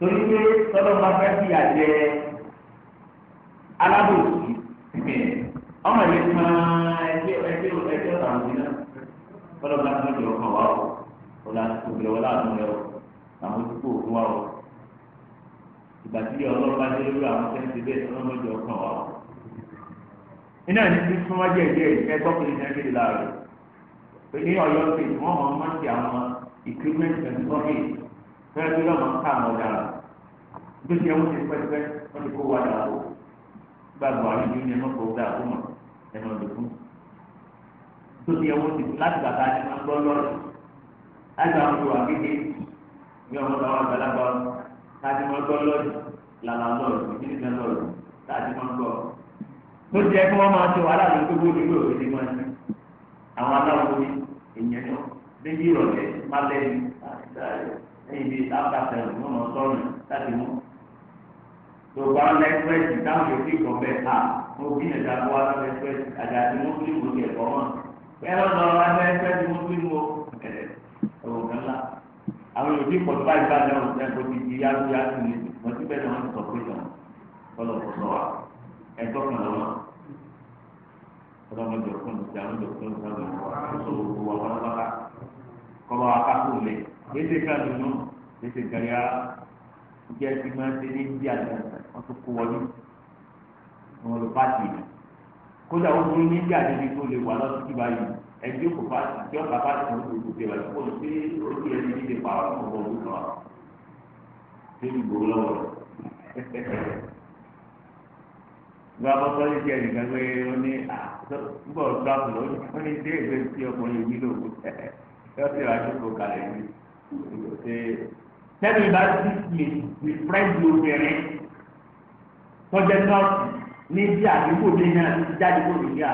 torí pé tọ́lọ́ máa fẹ́ fi àjẹ alábòsí ọmọ yẹn ti máa ẹgbẹ́ ẹgbẹ́ ẹgbẹ́ ọ̀tàn òbí náà tọ́lọ́ máa fẹ́ fi ọkàn wá o ọ̀là òbílẹ̀ wọlé àánú rẹ o àwọn tí kò fún wa o ìgbà tí ọlọ́run bá dé lórí àwọn sẹ́ńtì bẹ́ẹ̀ tọ́lọ́ máa fi ọkàn wá o. iná ní ti fún wájú ẹ̀jẹ̀ ẹgbọ́ kiri ní ẹgbẹ́ ìlà pé ní ọ̀yọ́ fẹ́ẹ́ tó lọ́mọ ká àwọn ọ̀daràn gbèsè ẹ̀wọ̀n ti pẹ́ẹ́pẹ́ wọ́n ti kó wa dà o gbàgbọ́ àyè ní ẹ̀mọ́ kó dà o mọ̀ ẹ̀mọ́ dùkú gbèsè ẹ̀wọ̀n ti láti bàtà ni wọ́n gbọ́ lọ́rọ̀ láti àwọn ìwà kéde ní ọmọ táwọn àgbàlagbà láti wọ́n gbọ́ lọ́rọ̀ làlà lọ́rọ̀ ìdílé lọ́rọ̀ láti wọ́n gbọ́ tó jẹ́ kí wọ́n máa ṣe wàhálà lórí gbogbo ìlú òkèlè wọn ni àwọn aláwọ̀ ni èèyàn náà débi ìrọ̀lẹ́ má lẹ́yìn àti dáa níbi áfàtà ìlú ọmọ sọ̀rọ̀ láti mú. gbogbo àwọn ẹgbẹ́sì táwọn yóò fi gbọ́ bẹ́ẹ̀ ha mo bí ẹ̀dá bọ́ àwọn ẹgbẹ́sì àdàtì mọ́tìmù ti ẹ̀kọ́ mọ́. bẹ́ẹ̀ lọ́dọ̀ àwọn ẹgbẹ́sì mọ́tìmù ọ̀rọ̀ kan lá. àwọn yóò fi pọ̀ tó báyìí bá dáhùn sí ẹ̀kọ́ ti di yáyú yáyú ni wọ́n ti bẹ́ẹ̀ náà sọ pé náà kọ́lọ̀ kọ́ sọ wa ẹ̀tọ́ kan lọ́wọ́. ọlọ́mọdé ọkùnrin ti àwọn ọmọdé ọkùnrin ti àwọn kéde ká dùnú kéde kárí ara ìjẹ́ ti máa ṣe ní ìdí àgbà wọ́n tún kó wọlé wọn lò pàtì rẹ̀ kódà ó burú ní ìdí àdébí tó lè wà lọ́sítì báyìí ẹgbẹ́ òkú pàtì tí ọ̀gá pàtì tó lè gbòdè wà lọ́wọ́ ló pé ó ti ẹni níbi pàrọ̀ fún ọgbọ́n òkú kan tó lè gbòó lọ́wọ́ rẹ̀ gba bọ́tọ́ ní ti ẹnì kan pé ó ní gbọ́ gbàgbọ́ ó ní dé ìgbésí ọkùnrin yìí lòun ẹ ẹ ó sì rà tẹ́lẹ̀ ìbá sí mi ní fúrẹ́ǹdì obìnrin tọ́jú nọ́ọ̀sì ní bí àdúgbò mi náà ti jáde kó mi yá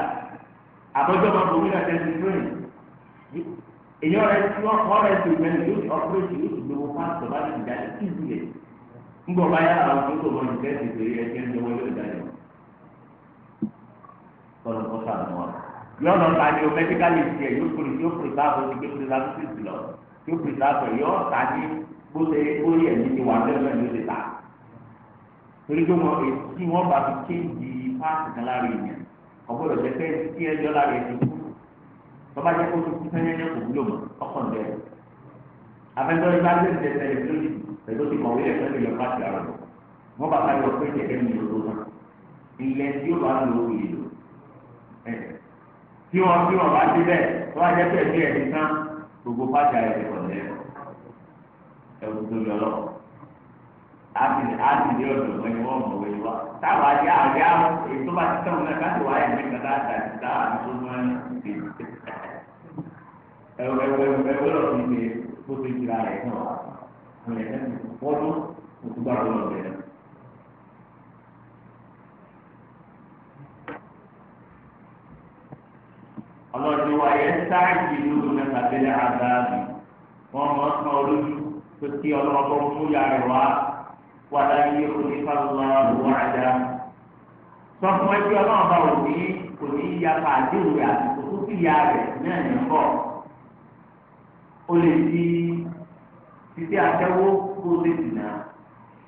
àbọ̀jọ́ máa bọ̀ mí náà tẹ́lẹ̀ ìfúrẹ́ǹdì èyí ọ̀rẹ́ tí wọ́n kọ́ ọ̀rẹ́ tó ìgbẹ́ni yóò ti ọ̀pẹ́rẹ́tì yóò ti gbowó pásítọ̀ bá ti jáde kí ìlú rẹ̀ ńgbọ̀ bá yára àwọn tó ń gbọ̀ ní bẹ́ẹ̀ ti bèrè ẹgbẹ́ ń lọ́wọ́ yóò jáde kọ́ sàmúwọ́ yọ̀ọ́ lọ́ta yóò fi ta pẹ̀lú ọ̀sà ní gbóṣe gbóyè ẹ̀mí ti wà lẹ́nu ẹ̀mí ti ta. torí pé wọn èsì wọn bá fi kéèjì páàkì kan lára èèyàn ọ̀gbọ́dọ̀ jẹ́ pé tí ẹ yọ lára ẹ̀sìn kú bàbá jẹ́ kó tuntun sẹ́yẹ́yẹ́ kò wúlò mọ́ ọkàn bẹ́ẹ̀. afẹ́fẹ́ ìgbà tó ń tẹ̀sẹ̀ lè lórí pẹ̀lú ti kọ̀wé ẹ̀fẹ́ lè yọ páàkì ara rẹ̀ wọ́n bá káyọ̀ pé kẹ̀kẹ́ mi ò lóná ilẹ̀ tí ó bá ń lo òye lò tí wọ́n tí wọ́n bá ti bẹ́ẹ̀ wọ́n á jẹ́ pẹ̀lú ẹ̀sìn náà gbogbo fájà yẹn ti kọ̀ọ̀lẹ́ ẹ̀wù tó lọ lọ. Àti ní ọ̀dọ̀ wọn ni wọ́n mọ̀ wọ́n wá. Táwa yá àyá ètò bá ti tẹ̀wọ̀n náà káṣí wáyé mi kan láti àti tá àti tó máa ń ṣe. Ẹ̀wù ẹ̀wù ẹ̀wù ẹ̀wù lọ sí ilé kó tó jìra rẹ̀ náà. Àwọn ẹ̀fẹ́ mi wọ́n tún òtún gbàgbọ́ lọ bẹ̀rẹ̀. ọlọ́dún wa yẹn sáàyè lóru mẹ́ta tẹ́lẹ̀ àgbáàbí wọ́n mọ̀ ọ́n olójú tó ti ọlọ́mọbọ fún yàrá wa wà láyé orí fáwọn àjà. sọ fún ẹ bá òní kò ní í yapa àdéhùn rẹ̀ àti kòkó sí rẹ̀ náà ní bọ̀. o lè di títí àtẹ́wó kó o lè dìnnà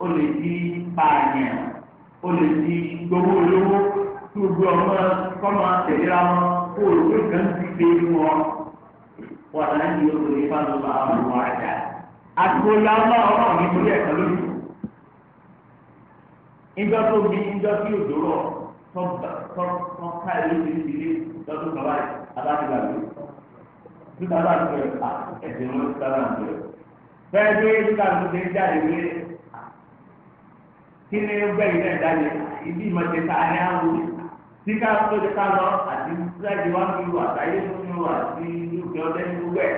o lè di pààyàn o lè di gbowó olówó tó gbé ọmọ kọ́mọ tẹ̀léra wọn kó o tó kàn ti gbé wọn wọn náà ní o tó lè fa lọ́wọ́ àwọn ọmọ àjà àtòlá ọmọ ọmọ mi torí ẹ̀ka lónìí. ìjọ tó bí ìjọ tí o dòrò tọ́ka ìlú ti ti lé lọ́dún bàbá yìí aláàbíyá ló tí bàbá tó yẹ ká ẹ̀sìn ló ti sára nù yẹ. bẹ́ẹ̀ bí ìjọba tó ti ń jáde wé kí ni bẹ́ẹ̀ yìí náà jáde ìdí ìmọ̀ ṣe ká ní àwọn olùkọ́ tí ká tó ti ká lọ àti sáàjì wá ní ìlú àtàyè tó ní ìlú àti ìlú ìjọ lẹ́yìn gbogbo ẹ̀.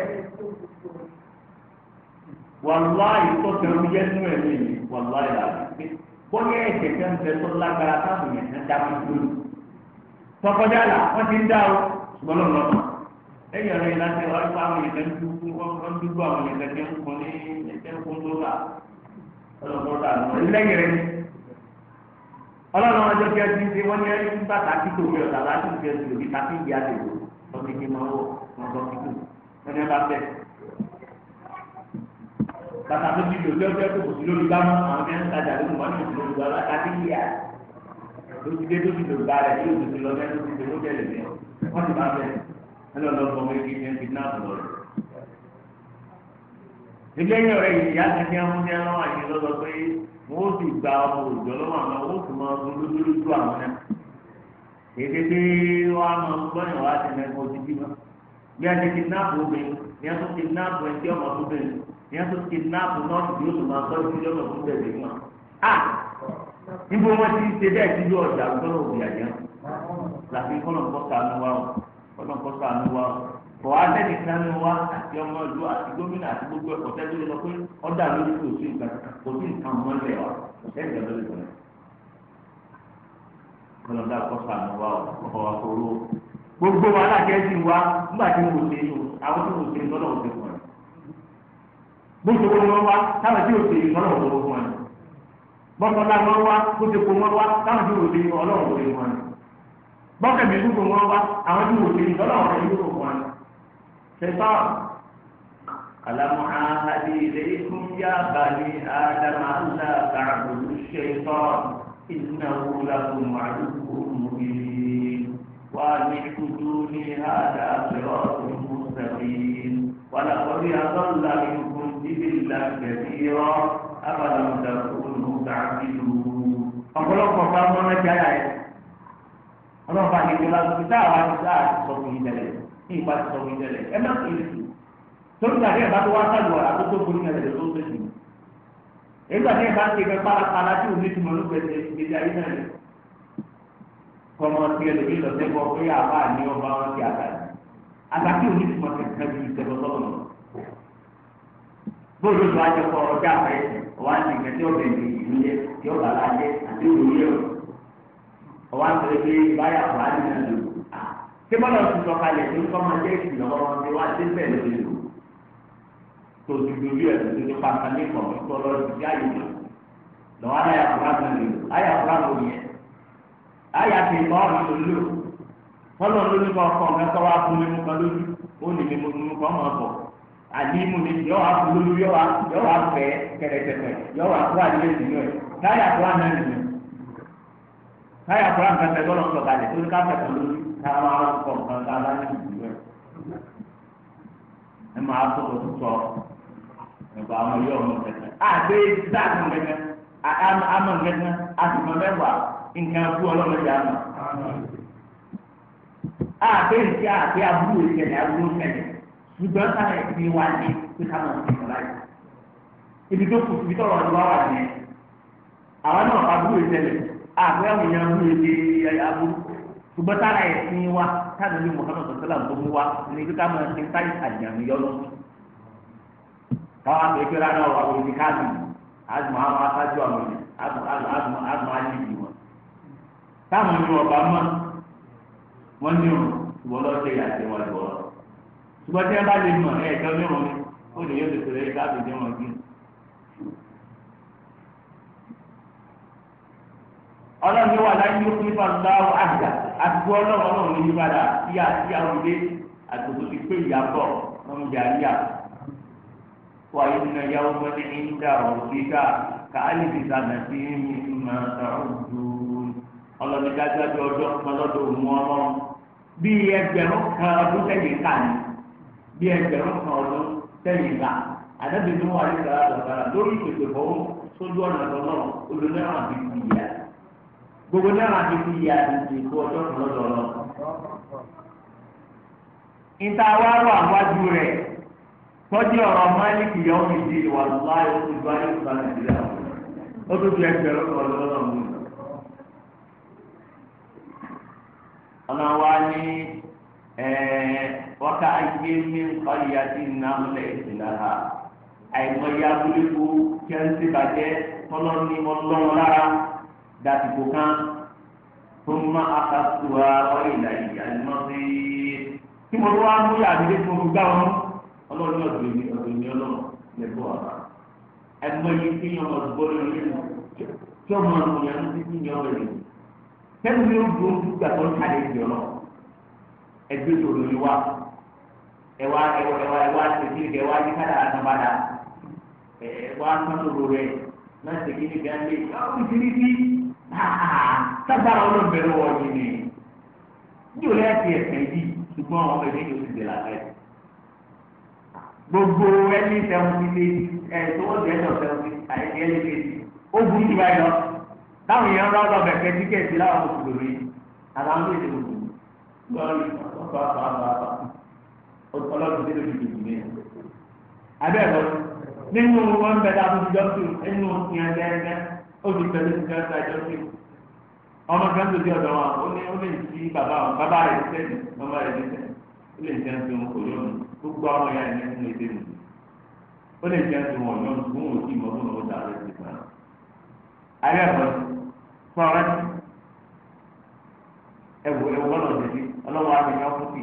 wàláì tó tẹ̀wé yẹ nínú ẹ̀mí yìí wàláì làbí pé bóyá ẹ̀jẹ̀ tẹ́ ń bẹ tó lágbára káàbù yẹn ń dábì lónìí. tọkọjá là wọ́n ti ń dá o ṣùgbọ́n lọ́nà lọ́nà. ẹ̀yìn ọ̀rẹ́ yìí láti wá fún àwọn ìlẹ̀ ń dúró àwọn ìlẹ̀ ń kún ní ìlẹ̀ ń kún lóra ọlọ́run ọjọ́ kí ẹ ti ṣe wọ́n ní ẹni ń bàtà kíkò mi ọ̀tà bá ti ṣe ìlú nípa tí ìyá ti lò ọmọ ìdí máa wọ̀ wọn bọ́ kíkò wọn ní ẹ bá bẹ̀. bàtà tó ti lò ní ọjọ́ tó kò sí lórí bá mọ́ àwọn ẹni ń tajà lórí wọn ní ìlú ìgbà bàtà tí ìyá ló ti dé tó ti lògbà rẹ̀ yóò ti ti lọ bẹ́ẹ̀ tó ti lè lókè lè wọ́n ti bá bẹ̀ ẹlọ́lọ́gbọ̀n wọ́n sì gba ọmọ òòjọ́ lọ́wọ́ àwọn wọ́n sì máa ń lójú lójú àwọn náà kéde pé wọ́n á máa ń gbọ́ ìwà àti ẹ̀kọ́ ti bí bí a ti kidnap obìnrin ni a tún kidnap ẹtí ọmọ tó bẹ̀rẹ̀ ni a tún kidnap nọ́ọ̀sì tí ó sì máa tọ́jú sí ọmọ tó bẹ̀rẹ̀ wọn. a níbo wọn ti ṣe bẹ́ẹ̀ ti bí ọjà gbọ́dọ̀ òbí àjẹ́ láti kọ́nà kọ́sà àánú kò wá sẹ́ni sanu wa àti ọmọ ìlú àti gómìnà àti gbogbo ẹ̀kọ́ tẹ́lẹ̀ lọ pé ọ̀dà lórí kò sí nǹkan kò sí nǹkan wa lórí kọ́sà ni wa gbogbo wa wa nígbà tí mo ṣe yìí àwọn tí mo ṣe lọ́dọ̀ òṣèlú wọn. bó ṣe wọ́n wá táwọn شيطان ألم عاهد إليكم يا بني آدم ألا تعبدوا الشيطان إنه لكم عدو مبين وأن اعبدوني هذا صراط مستقيم ولقد أضل منكم جبلا كثيرا أفلم تكونوا تعقلون ọ̀pọ̀lọpọ̀ ọba ọmọ náà jẹ́ àyà ẹ̀ ọlọ́pàá nìkan lásìkò tá a wá ní sáà sọ fún yín tẹ́lẹ̀ bí ipa ti sọ wíjẹ lẹ ẹ má kí n sùn torí gbàdé ẹ bá tó wá sálù wà látó tó borí náà lẹ tó tó sùn ègbà tí ẹ bá ti fẹ parapara tí òní tuma ló gbèsè gbèsè ayé náà lẹ kọmọ tiẹ lè fi lọ sí ẹ̀kọ́ pé àbá ní ọba wọn ti àgbà yìí àgbà tí òní tuma kẹkẹ bí ìṣẹ̀lẹ̀ ọlọ́run lọ bóòlù tó ajẹ kọ ọjà fẹ ọwọ́ kí bọ́lá ti sọ kalẹ̀ tó kọ́ máa jẹ́ ìkìlọ̀ ọmọ tí wọ́n á ti bẹ̀ lórí lò tó ti dorí ẹ̀ tó ti pàtàkì ní kọ̀ tó lọ sí ká yìí lọ lọ́wọ́ ayé àkùrá mi lò ayé àkùrá mi lò yẹn ayé àti ìkọ́ mi lò lò fọlọ́ ló ní kọ́ ọkọ̀ mẹ́tọ́ wá fún mímú kan lójú ó ní mímú mímú kan máa bọ̀ àdìmú ni yọ wá fún lójú yọ wá fẹ́ kẹ̀rẹ̀kẹ̀rẹ̀ yọ wá fún àdìmú ìdìmú ẹ̀ táyà àkùrá ká wá kọ nǹkan tá a bá ní ìlú ẹ̀. ẹ máa sọ̀rọ̀ sọ ẹ̀bà ọmọ yóò ọmọ kẹ̀kẹ́. àti dáàbò kẹ̀kẹ́ àmọ̀ kẹ̀kẹ́ àti mọ̀ mẹ́wàá nǹkan fún ọlọ́mọ ìyá mọ̀. àti ìṣe àti àbúrò ìṣẹ̀lẹ̀ àbúrò ìṣẹ̀lẹ̀ ṣùgbọ́n sáà ẹ̀ fi wá ní pé ká mọ̀ sí ìṣẹ̀lẹ̀ yìí. ibi tó kù ibi tọ̀rọ̀ ọdún wá wà ní àwọn náà àbúrò ìṣẹ̀lẹ̀ àbúrò ìyá àbúrò ìṣẹ̀lẹ̀ àbúrò ṣùgbọ́n tára ẹ̀sìn wa táwọn ilé muhammadu sallam tó mú wa ní ibi ká máa ṣe táyì àjàmì yọlọ. káwọn àgbẹ̀ kíra náà wà lórí káàdì àdùn àwọn aṣáájú àwọn ènìyàn àdùn àdùn àdùn àdùn àyèjì wọn. táwọn ìlú ọba mọ wọn ní òun ṣùgbọ́n lọ ṣe ìyàtẹ̀ wọn lọ. ṣùgbọ́n tí wọ́n bá lè mọ̀ ẹ̀ ẹ̀jọ́ ní òun ó lè yóò tètè rẹ̀ káàdì ní wọn kí ọlọ́run yóò wà láyé yóò fún ìfọ̀nba àgbà àti ọlọ́run ọlọ́run lè yí padà sí àti àwùjẹ àtòkò ti pé ìyàbọ̀ wọn jà ní à. wà á yẹ nínú ìyàwó mọ́tí ní ìdá ọ̀rọ̀ kíkà ká á lè fi sàmì sí ẹ̀mí ìmọ̀ ọ̀dùn. ọlọ́run dájúdájú ọjọ́ ọlọ́dọ̀ òun ọlọ́run bí ẹgbẹ̀rún kan ọdún sẹ́yìn ká ní bí ẹgbẹ̀rún kan ọdún sẹ́yìn ká àdébìnrin wà ní sàrà gbogbo náírà ti fi yà àdìsí ikú ọjọ́ kan lọ́dọ̀ lọ. níta wá wà wájú rẹ̀ tọ́jú ọ̀rọ̀ máìlìkì yọ̀ mí di ìwà lọ́wọ́ ayé tó ju ayé tó bá nàìjíríà ó tó ju ẹgbẹ̀rún kan lọ́dọ̀ mú. ọ̀nà wa ní wákà ayé mi ń àti nàmúlẹ̀ ìsìlá àìmọye abúlé kú kí ẹ ń ṣèbàjẹ́ tọ́lọ́ ní ọlọ́run lára dàtìkò kan tó ń má akásùwà ọ̀rẹ́ ìlà ìyá ìmọ̀ sí i. tí mo wá mú yàrá ilé tó ń gbà wọn ọlọ́run náà dùn ní ọ̀dùn ní ọlọ́run lẹ́gbọ́ àbá. ẹgbẹ́ yìí tí yọmọ gbọ́ lórí ẹ̀ tí ọmọ ọ̀nà títí ní ọ̀rẹ́ rẹ̀. sẹ́nu yóò dùn dùgbà tó ń kàlẹ́ ìdí ọ̀nà ẹgbẹ́ ìṣòro yìí wá ẹwà ẹwà ẹwà ẹwà ṣèkí ẹwà ẹwà ẹwà ẹwà ẹwà ẹwà ẹwà ẹwà ẹwà ẹwà ẹwà ẹwà sábàrà olóńgbèrè wọ yìí ni ní òun ẹ̀sìn ẹ̀sìn yìí ṣùgbọ́n àwọn ọmọ ìdíje ti dè lálẹ́ gbogbo ẹni sẹ́wọ́n ti lé ẹ̀ tó wọ́n ti ẹ̀dọ̀ sẹ́wọ́n ti àyẹ̀kẹ́ lé lé ó burú jù báyìí lọ táwọn èèyàn bá lọ bẹ̀kẹ́ tíkẹ́ẹ̀tì láwọn mùsùlùmí àtàwọn tó èdè mùsùlùmí lọ́ọ̀lì ọ̀pọ̀lọpọ̀ ọlọ́dún tó lójú ìdìbò mi. abẹ́ẹ̀kọ́ nínú wọn bẹ̀rẹ̀ àbújọ́ tó ó ti ti ká dájọ́ sí ọmọ kan tó di ọ̀dọ̀ wọn ó ní ó lè ti bàbá wọn bàbá rẹ̀ sẹ́yìn bàbá rẹ̀ sẹ́yìn ó lè jẹun tó ń kò lónìí gbogbo àwọn ya ẹni fún èdè nù ó lè jẹun tó wọn yọ fún òkè ìmọ̀tò náà ó dà rẹ̀ sí kan. ayé ẹ̀fọ́ sọ̀rọ̀ ẹ̀wù ẹ̀wù ọ̀nà òdìdí ọlọ́wọ́ àbíyá fún kì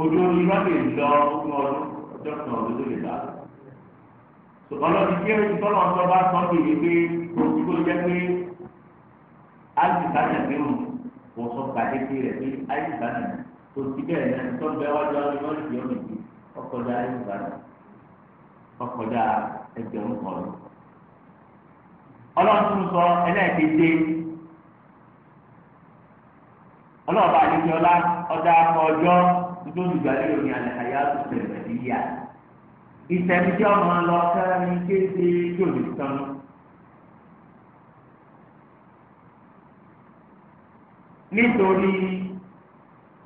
ojú ìrọ́lẹ̀ lọ ọdún ọdún ọjọ́ ọdún tó lè dà á ọlọ́run tí ẹ̀rọ ìtọ́nà ọ̀tọ́ bá sọ pé wípé kó jẹ́ pé alìsànà nínú kò sọ pàdé pé rẹ̀ pé alìsànà kò sí bẹ́ẹ̀ náà tó ń bẹ ọjọ́ ọlọ́run tí ó lè di ọkọjá alìsànà ọkọjá ẹgbẹ̀rún kan lọ. ọlọ́run tún sọ ẹlẹ́ẹ̀keje ọlọ́ọ̀bá àdéjọ́lá ọjà ọjọ́ nítorí ìgbàlejò alẹ́ àyà tó ìtẹ̀míjọ́ máa lọ sáré kéde yòlù tán. nítorí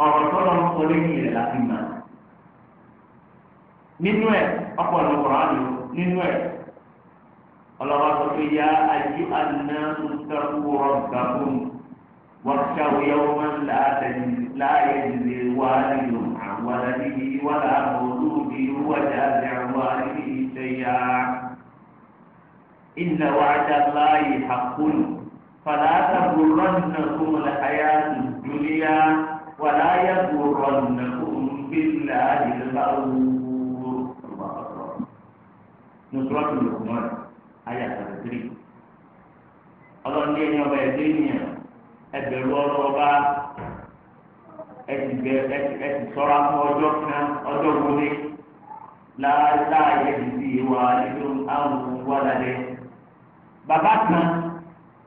ọ̀rọ̀ tọ́lọ́ ń kọ́ lẹ́yìn rẹ̀ láti mà. nínú ẹ̀ ọ̀pọ̀lọpọ̀ àlò nínú ẹ̀ ọlọ́wọ́ sọ pé yá ayé àná sọ́kú ọ̀gá fún wọn ṣàwé ọmọ láàyè lè wá nílò. ولده ولا مولود هو جازع والده سيئا إن وعد الله حق فلا تغرنكم الحياة الدنيا ولا يغرنكم بالله الغرور الله أكبر نصرة لقمان آية 33 الله أن يبقى يديني أدعو الله ẹtì bẹ ẹtì sọ́ra fún ọjọ́ kan ọjọ́ wọlé láàyè ìdí wa nínú àwọn wàlálẹ̀. bàbá kan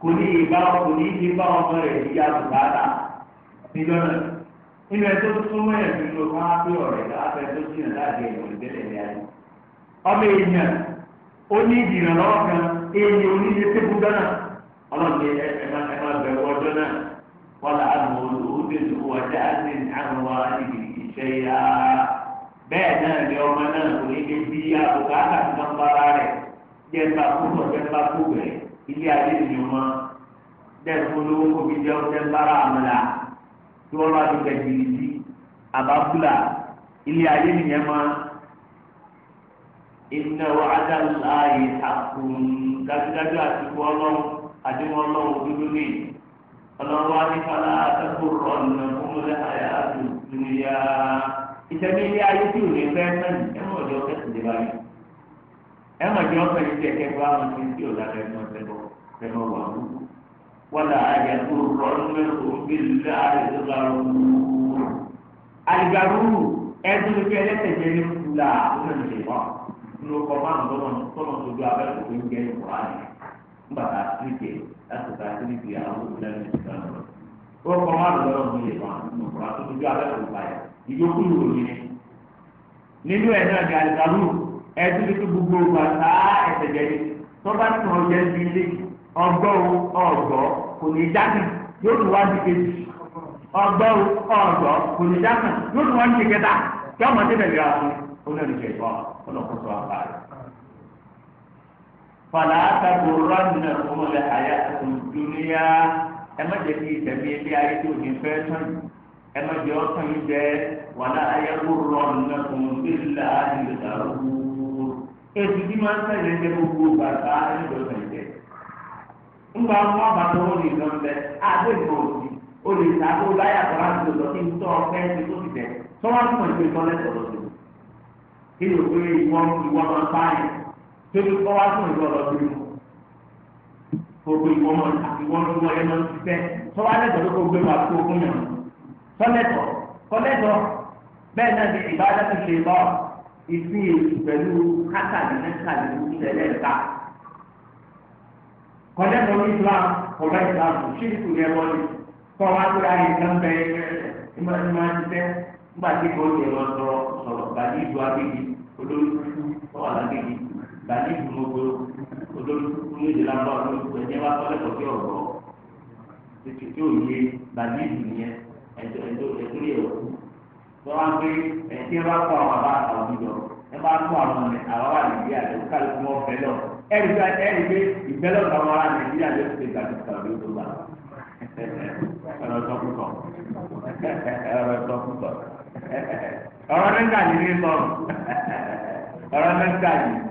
kò ní ìbá kò ní ìbá ọmọ rẹ̀ yíyá bùkátà níjọ́ náà nínú ẹ tó súnmọ́ ẹ̀ nínú ká pé ọ̀rẹ́ láàbẹ̀ tó jìnnà láàbẹ̀ ìwọ̀n ìbẹ̀lẹ̀ ní ayé. ọmọ èèyàn ó ní ìdìrànlọ́wọ́ kan èèyàn oníye tébù gánà ọlọ́run ẹ ẹ máa bẹ̀rù ọjọ́ náà wọ́lá àmúlò òdòdó wọ́dà àti àwọn àdìgbì iṣẹ́ yá. bẹ́ẹ̀ náà ni ọmọ náà kò ní lè bí àbùkà àkàtúntàn bára rẹ̀ jẹ́nba púpọ̀ jẹ́nba púpẹ̀ ilé ayé ni wọ́n dẹ́kun lówó kóbi jẹ́ jẹ́nbára àmàlà tí wọ́n bá ti bẹ̀ jìbìtì àbábúlà ilé ayé nìyẹn máa iná wa adáhùn láàyè dájúdájú àti wọ́n lọ́wọ́ àti wọ́n dúdú nìyí ọlọ́run wa ní fọlá àtẹ́kùrọ̀ ọ̀nà fúnmọ́lẹ́ àyàtò ìdúnyà ìtẹ̀mí ilé ayé tí ò ní fẹ́ mẹ́rin ẹ mọ̀ ọ̀dọ́ kẹsìlè báyìí ẹ mọ̀ ọ̀dọ́ kẹsìlè kẹfẹ́ àwọn tí tí ò lábẹ́ mọ́ tẹ́bọ̀ tẹ́bọ̀ wà wú. wọ́lá àyàtòrọ̀ ọ̀nà òbílẹ̀ àyàtòrọ̀ àlìgbàrú ẹ̀dùn ní fẹ́ lẹ́sẹ̀jẹ̀ ní kúlà ọ̀nà ìṣèwọ́ láti ta sí níbi àwọn olùdarí ìgbà náà. ó kọ́ máa lọ lọ́wọ́ mi lè máa nínú ọ̀rọ̀ àtúntò abẹ́ kò bá yẹ ìjókòó lò ní. nínú ẹ̀ náà ni àdìgbàlù ẹtú ní kí gbogbo ògbà tá ẹsẹ̀ jẹ ní tó bá tún ọjọ́ ẹbí ilé ọgbọ́ ọgbọ́ kò ní dákì yóò tún wá di kejì ọgbọ́ ọgbọ́ kò ní dákì yóò tún wá di kẹta kí ọmọdé bẹ̀rẹ̀ àwọn fàlà àtàkùrọ̀ nà ọmọlẹ̀ àyà ìdúnyà ẹ má jẹ́ kí eme ilé ayé tó ní fẹ́ tán ẹ má jẹ́ ọ̀tàn yìí bẹ́ẹ̀ wàlà àyàkùrọ̀ nà ọmọlẹ̀ gbogbo bàtà ẹ̀dọ̀tà ìjẹ́ ńgbà wọn bàtà wọn lè lọ bẹ àgbẹ̀gbọ̀ òsì ó lè ta kó láyà tó láti lọ sí tóbi kọ́ wá fún ìwọ lọ bímọ gbogbo ìfọmọ ìwọ ló wọ ẹ máa ń ṣiṣẹ́ sọ́wọ́ alẹ́ kó gbé wa kó o fún yàn sọ́lẹ́tọ̀ kọ́lẹ́tọ̀ bẹ́ẹ̀ náà ni ìbáradá ti ṣe pẹ̀lú kọ́lẹ́tọ̀ ní Islam ọ̀rọ̀ Islam bàtí ìgbìmọ̀gbò olórúkú ní ìdílé àbúrò àwọn olùkọ́ ẹ̀jẹ̀ wá sọ́lẹ̀ kọ́ sí ọ̀gbọ́ títí tí ò yé bàtí ìgbìmọ̀ ẹ̀jẹ̀ ẹ̀jẹ̀ yẹ̀ wọ́n tó wá pé ẹ̀jẹ̀ bá kọ́ àwọn bá àwọn ìjọ ẹ bá kọ́ àwọn ọ̀nà àwọn wà nìyí àlẹ́ ó kálukú wọn fẹ́ lọ ẹ̀rí pé ẹ̀rí pé ìgbẹ́lọ̀ kan wà nìyí àlẹ́ ó ti gbàdú kàwé tó bá ẹ̀rọ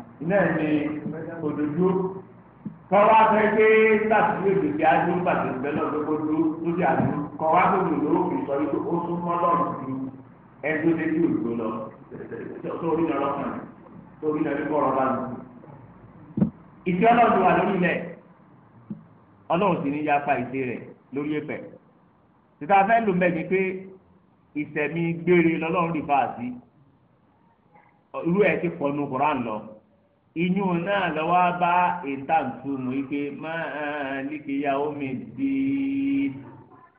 iná ẹ̀ ní òdòdó kọ́wá fẹ́ pé láti lè dèbí adó gbàdé ìbẹ́lẹ̀ lọ́gbọ́dọ́ lórí àdó kọ́wá tó lò ló fi sọ wípé ó tún mọ́ lọ́rùn ju ẹgbẹ́ létí òdòdó lọ sórí lọ lọ́kàn sórí lọ nípa ọ̀rọ̀ bá lù. ìṣe ọlọ́run wà lórí ilẹ̀ ọlọ́run sì ní ya pa ìṣe rẹ̀ lórí ẹ̀pẹ̀. títà fẹ́ lò mẹ́ni pé ìṣẹ̀mí gbére lọ́lọ́run inú náà lọ́wọ́ bá ìtàkùnù wípé máa líkìyà omi di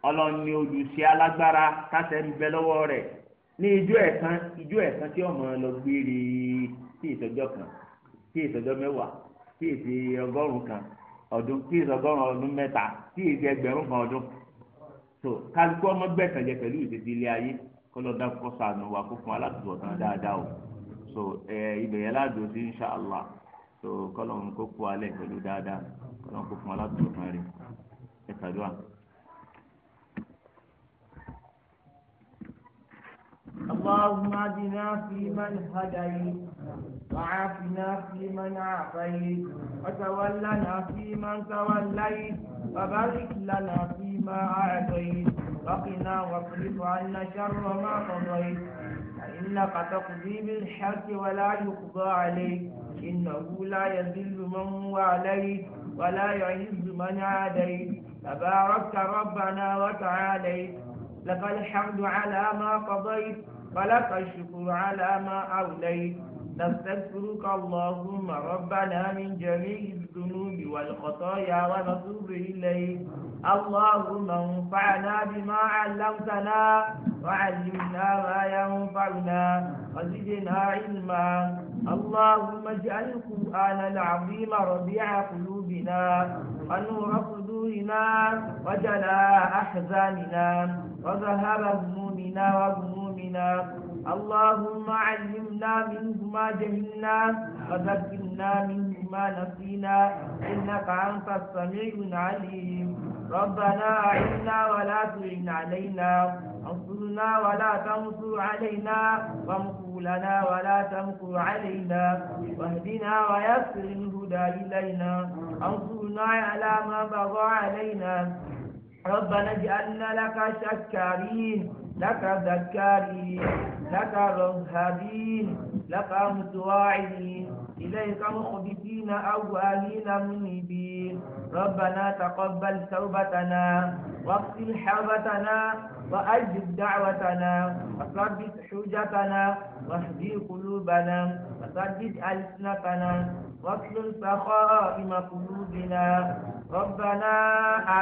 ọlọ́ni olùṣe alágbára kásẹ̀ ń bẹ lọ́wọ́ rẹ̀ ní ijó ẹ̀kan ijó ẹ̀kan tí ọmọ lọ gbére sí ìtọ́jọ́ kan sí ìtọ́jọ́ mẹ́wàá sí èsì ọgọ́rùn kan ọdún sí èsì ọgọ́rùn ọdún mẹ́ta sí èsì ẹgbẹ̀rún kan ọdún tó kálukú ọmọ gbẹ̀sẹ̀ jẹ pẹ̀lú ìdíje ilé ayé kọ́lọ́dá kọ́sàánù wa kó fún aládùúgbò kan dáadáa o so ẹ ibẹ̀ yẹn ládùn sí insha allah so kọ́lọ́n kó kú alẹ́ pẹ̀lú dáadáa kọ́lọ́n kó fún aládùn kan rẹ̀ ẹ kàdúrà. اللهم اهدنا فيمن هديت وعافنا فيمن عافيت وتولنا فيمن توليت وبارك لنا فيما اعطيت وقنا واصرف عنا شر ما قضيت فإنك تقضي بالحق ولا يقضى عليك إنه لا يذل من هو عليه ولا يعز من عاديك تباركت ربنا وتعاليت لك الحمد على ما قضيت ولك الشكر على ما أوليت نستغفرك اللهم ربنا من جميع الذنوب والخطايا ونتوب إليك اللهم انفعنا بما علمتنا وعلمنا ما ينفعنا وزدنا علما اللهم اجعل القرآن العظيم ربيع قلوبنا ونور صدورنا وجلاء أحزاننا وذهاب همومنا وغمومنا اللهم علمنا منه ما جهلنا وذكرنا منه نسينا إنك أنت السميع العليم ربنا أعنا ولا تعن علينا انصرنا ولا تنصر علينا وامكر لنا ولا تمكر علينا واهدنا ويسر الهدى إلينا انصرنا على ما بغى علينا ربنا اجعلنا لك شكارين لك ذكارين لك رهبين لك متواعدين إليك مخبتين أوالين منيبين ربنا تقبل توبتنا واغسل حوبتنا وأجب دعوتنا وثبت حجتنا واهدي قلوبنا وثبت ألسنتنا واصل سخائم قلوبنا ربنا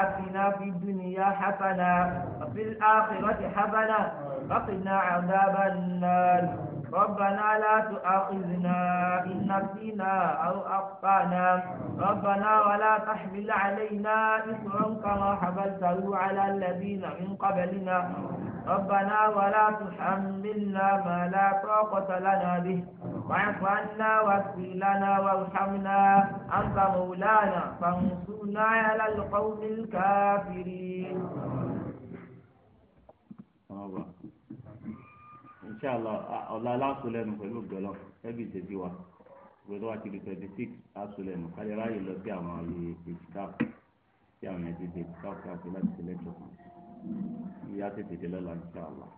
آتنا في الدنيا حسنة وفي الآخرة حسنة وقنا عذاب النار ربنا لا تؤاخذنا إن نسينا أو أخطأنا ربنا ولا تحمل علينا إصرا كما حملته على الذين من قبلنا ربنا ولا تحملنا ما لا طاقة لنا به واعف عنا واغفر لنا وارحمنا أنت مولانا فانصرنا على القوم الكافرين inshallah ọ̀la aláṣọlẹ́nu pẹ̀lú gbọ́lọ́ ẹbí ìtẹ̀sí wa gbọ́dọ̀ wa ti twenty six aṣọlẹ́nu kájọ ráyè lọ sí àwọn àyè ìtìkáf sí àwọn ẹ̀jẹ̀ ìtìkáf káfíńtì lẹ́tọ̀ọ́ ìyá tètè dé lọ́la inshallah.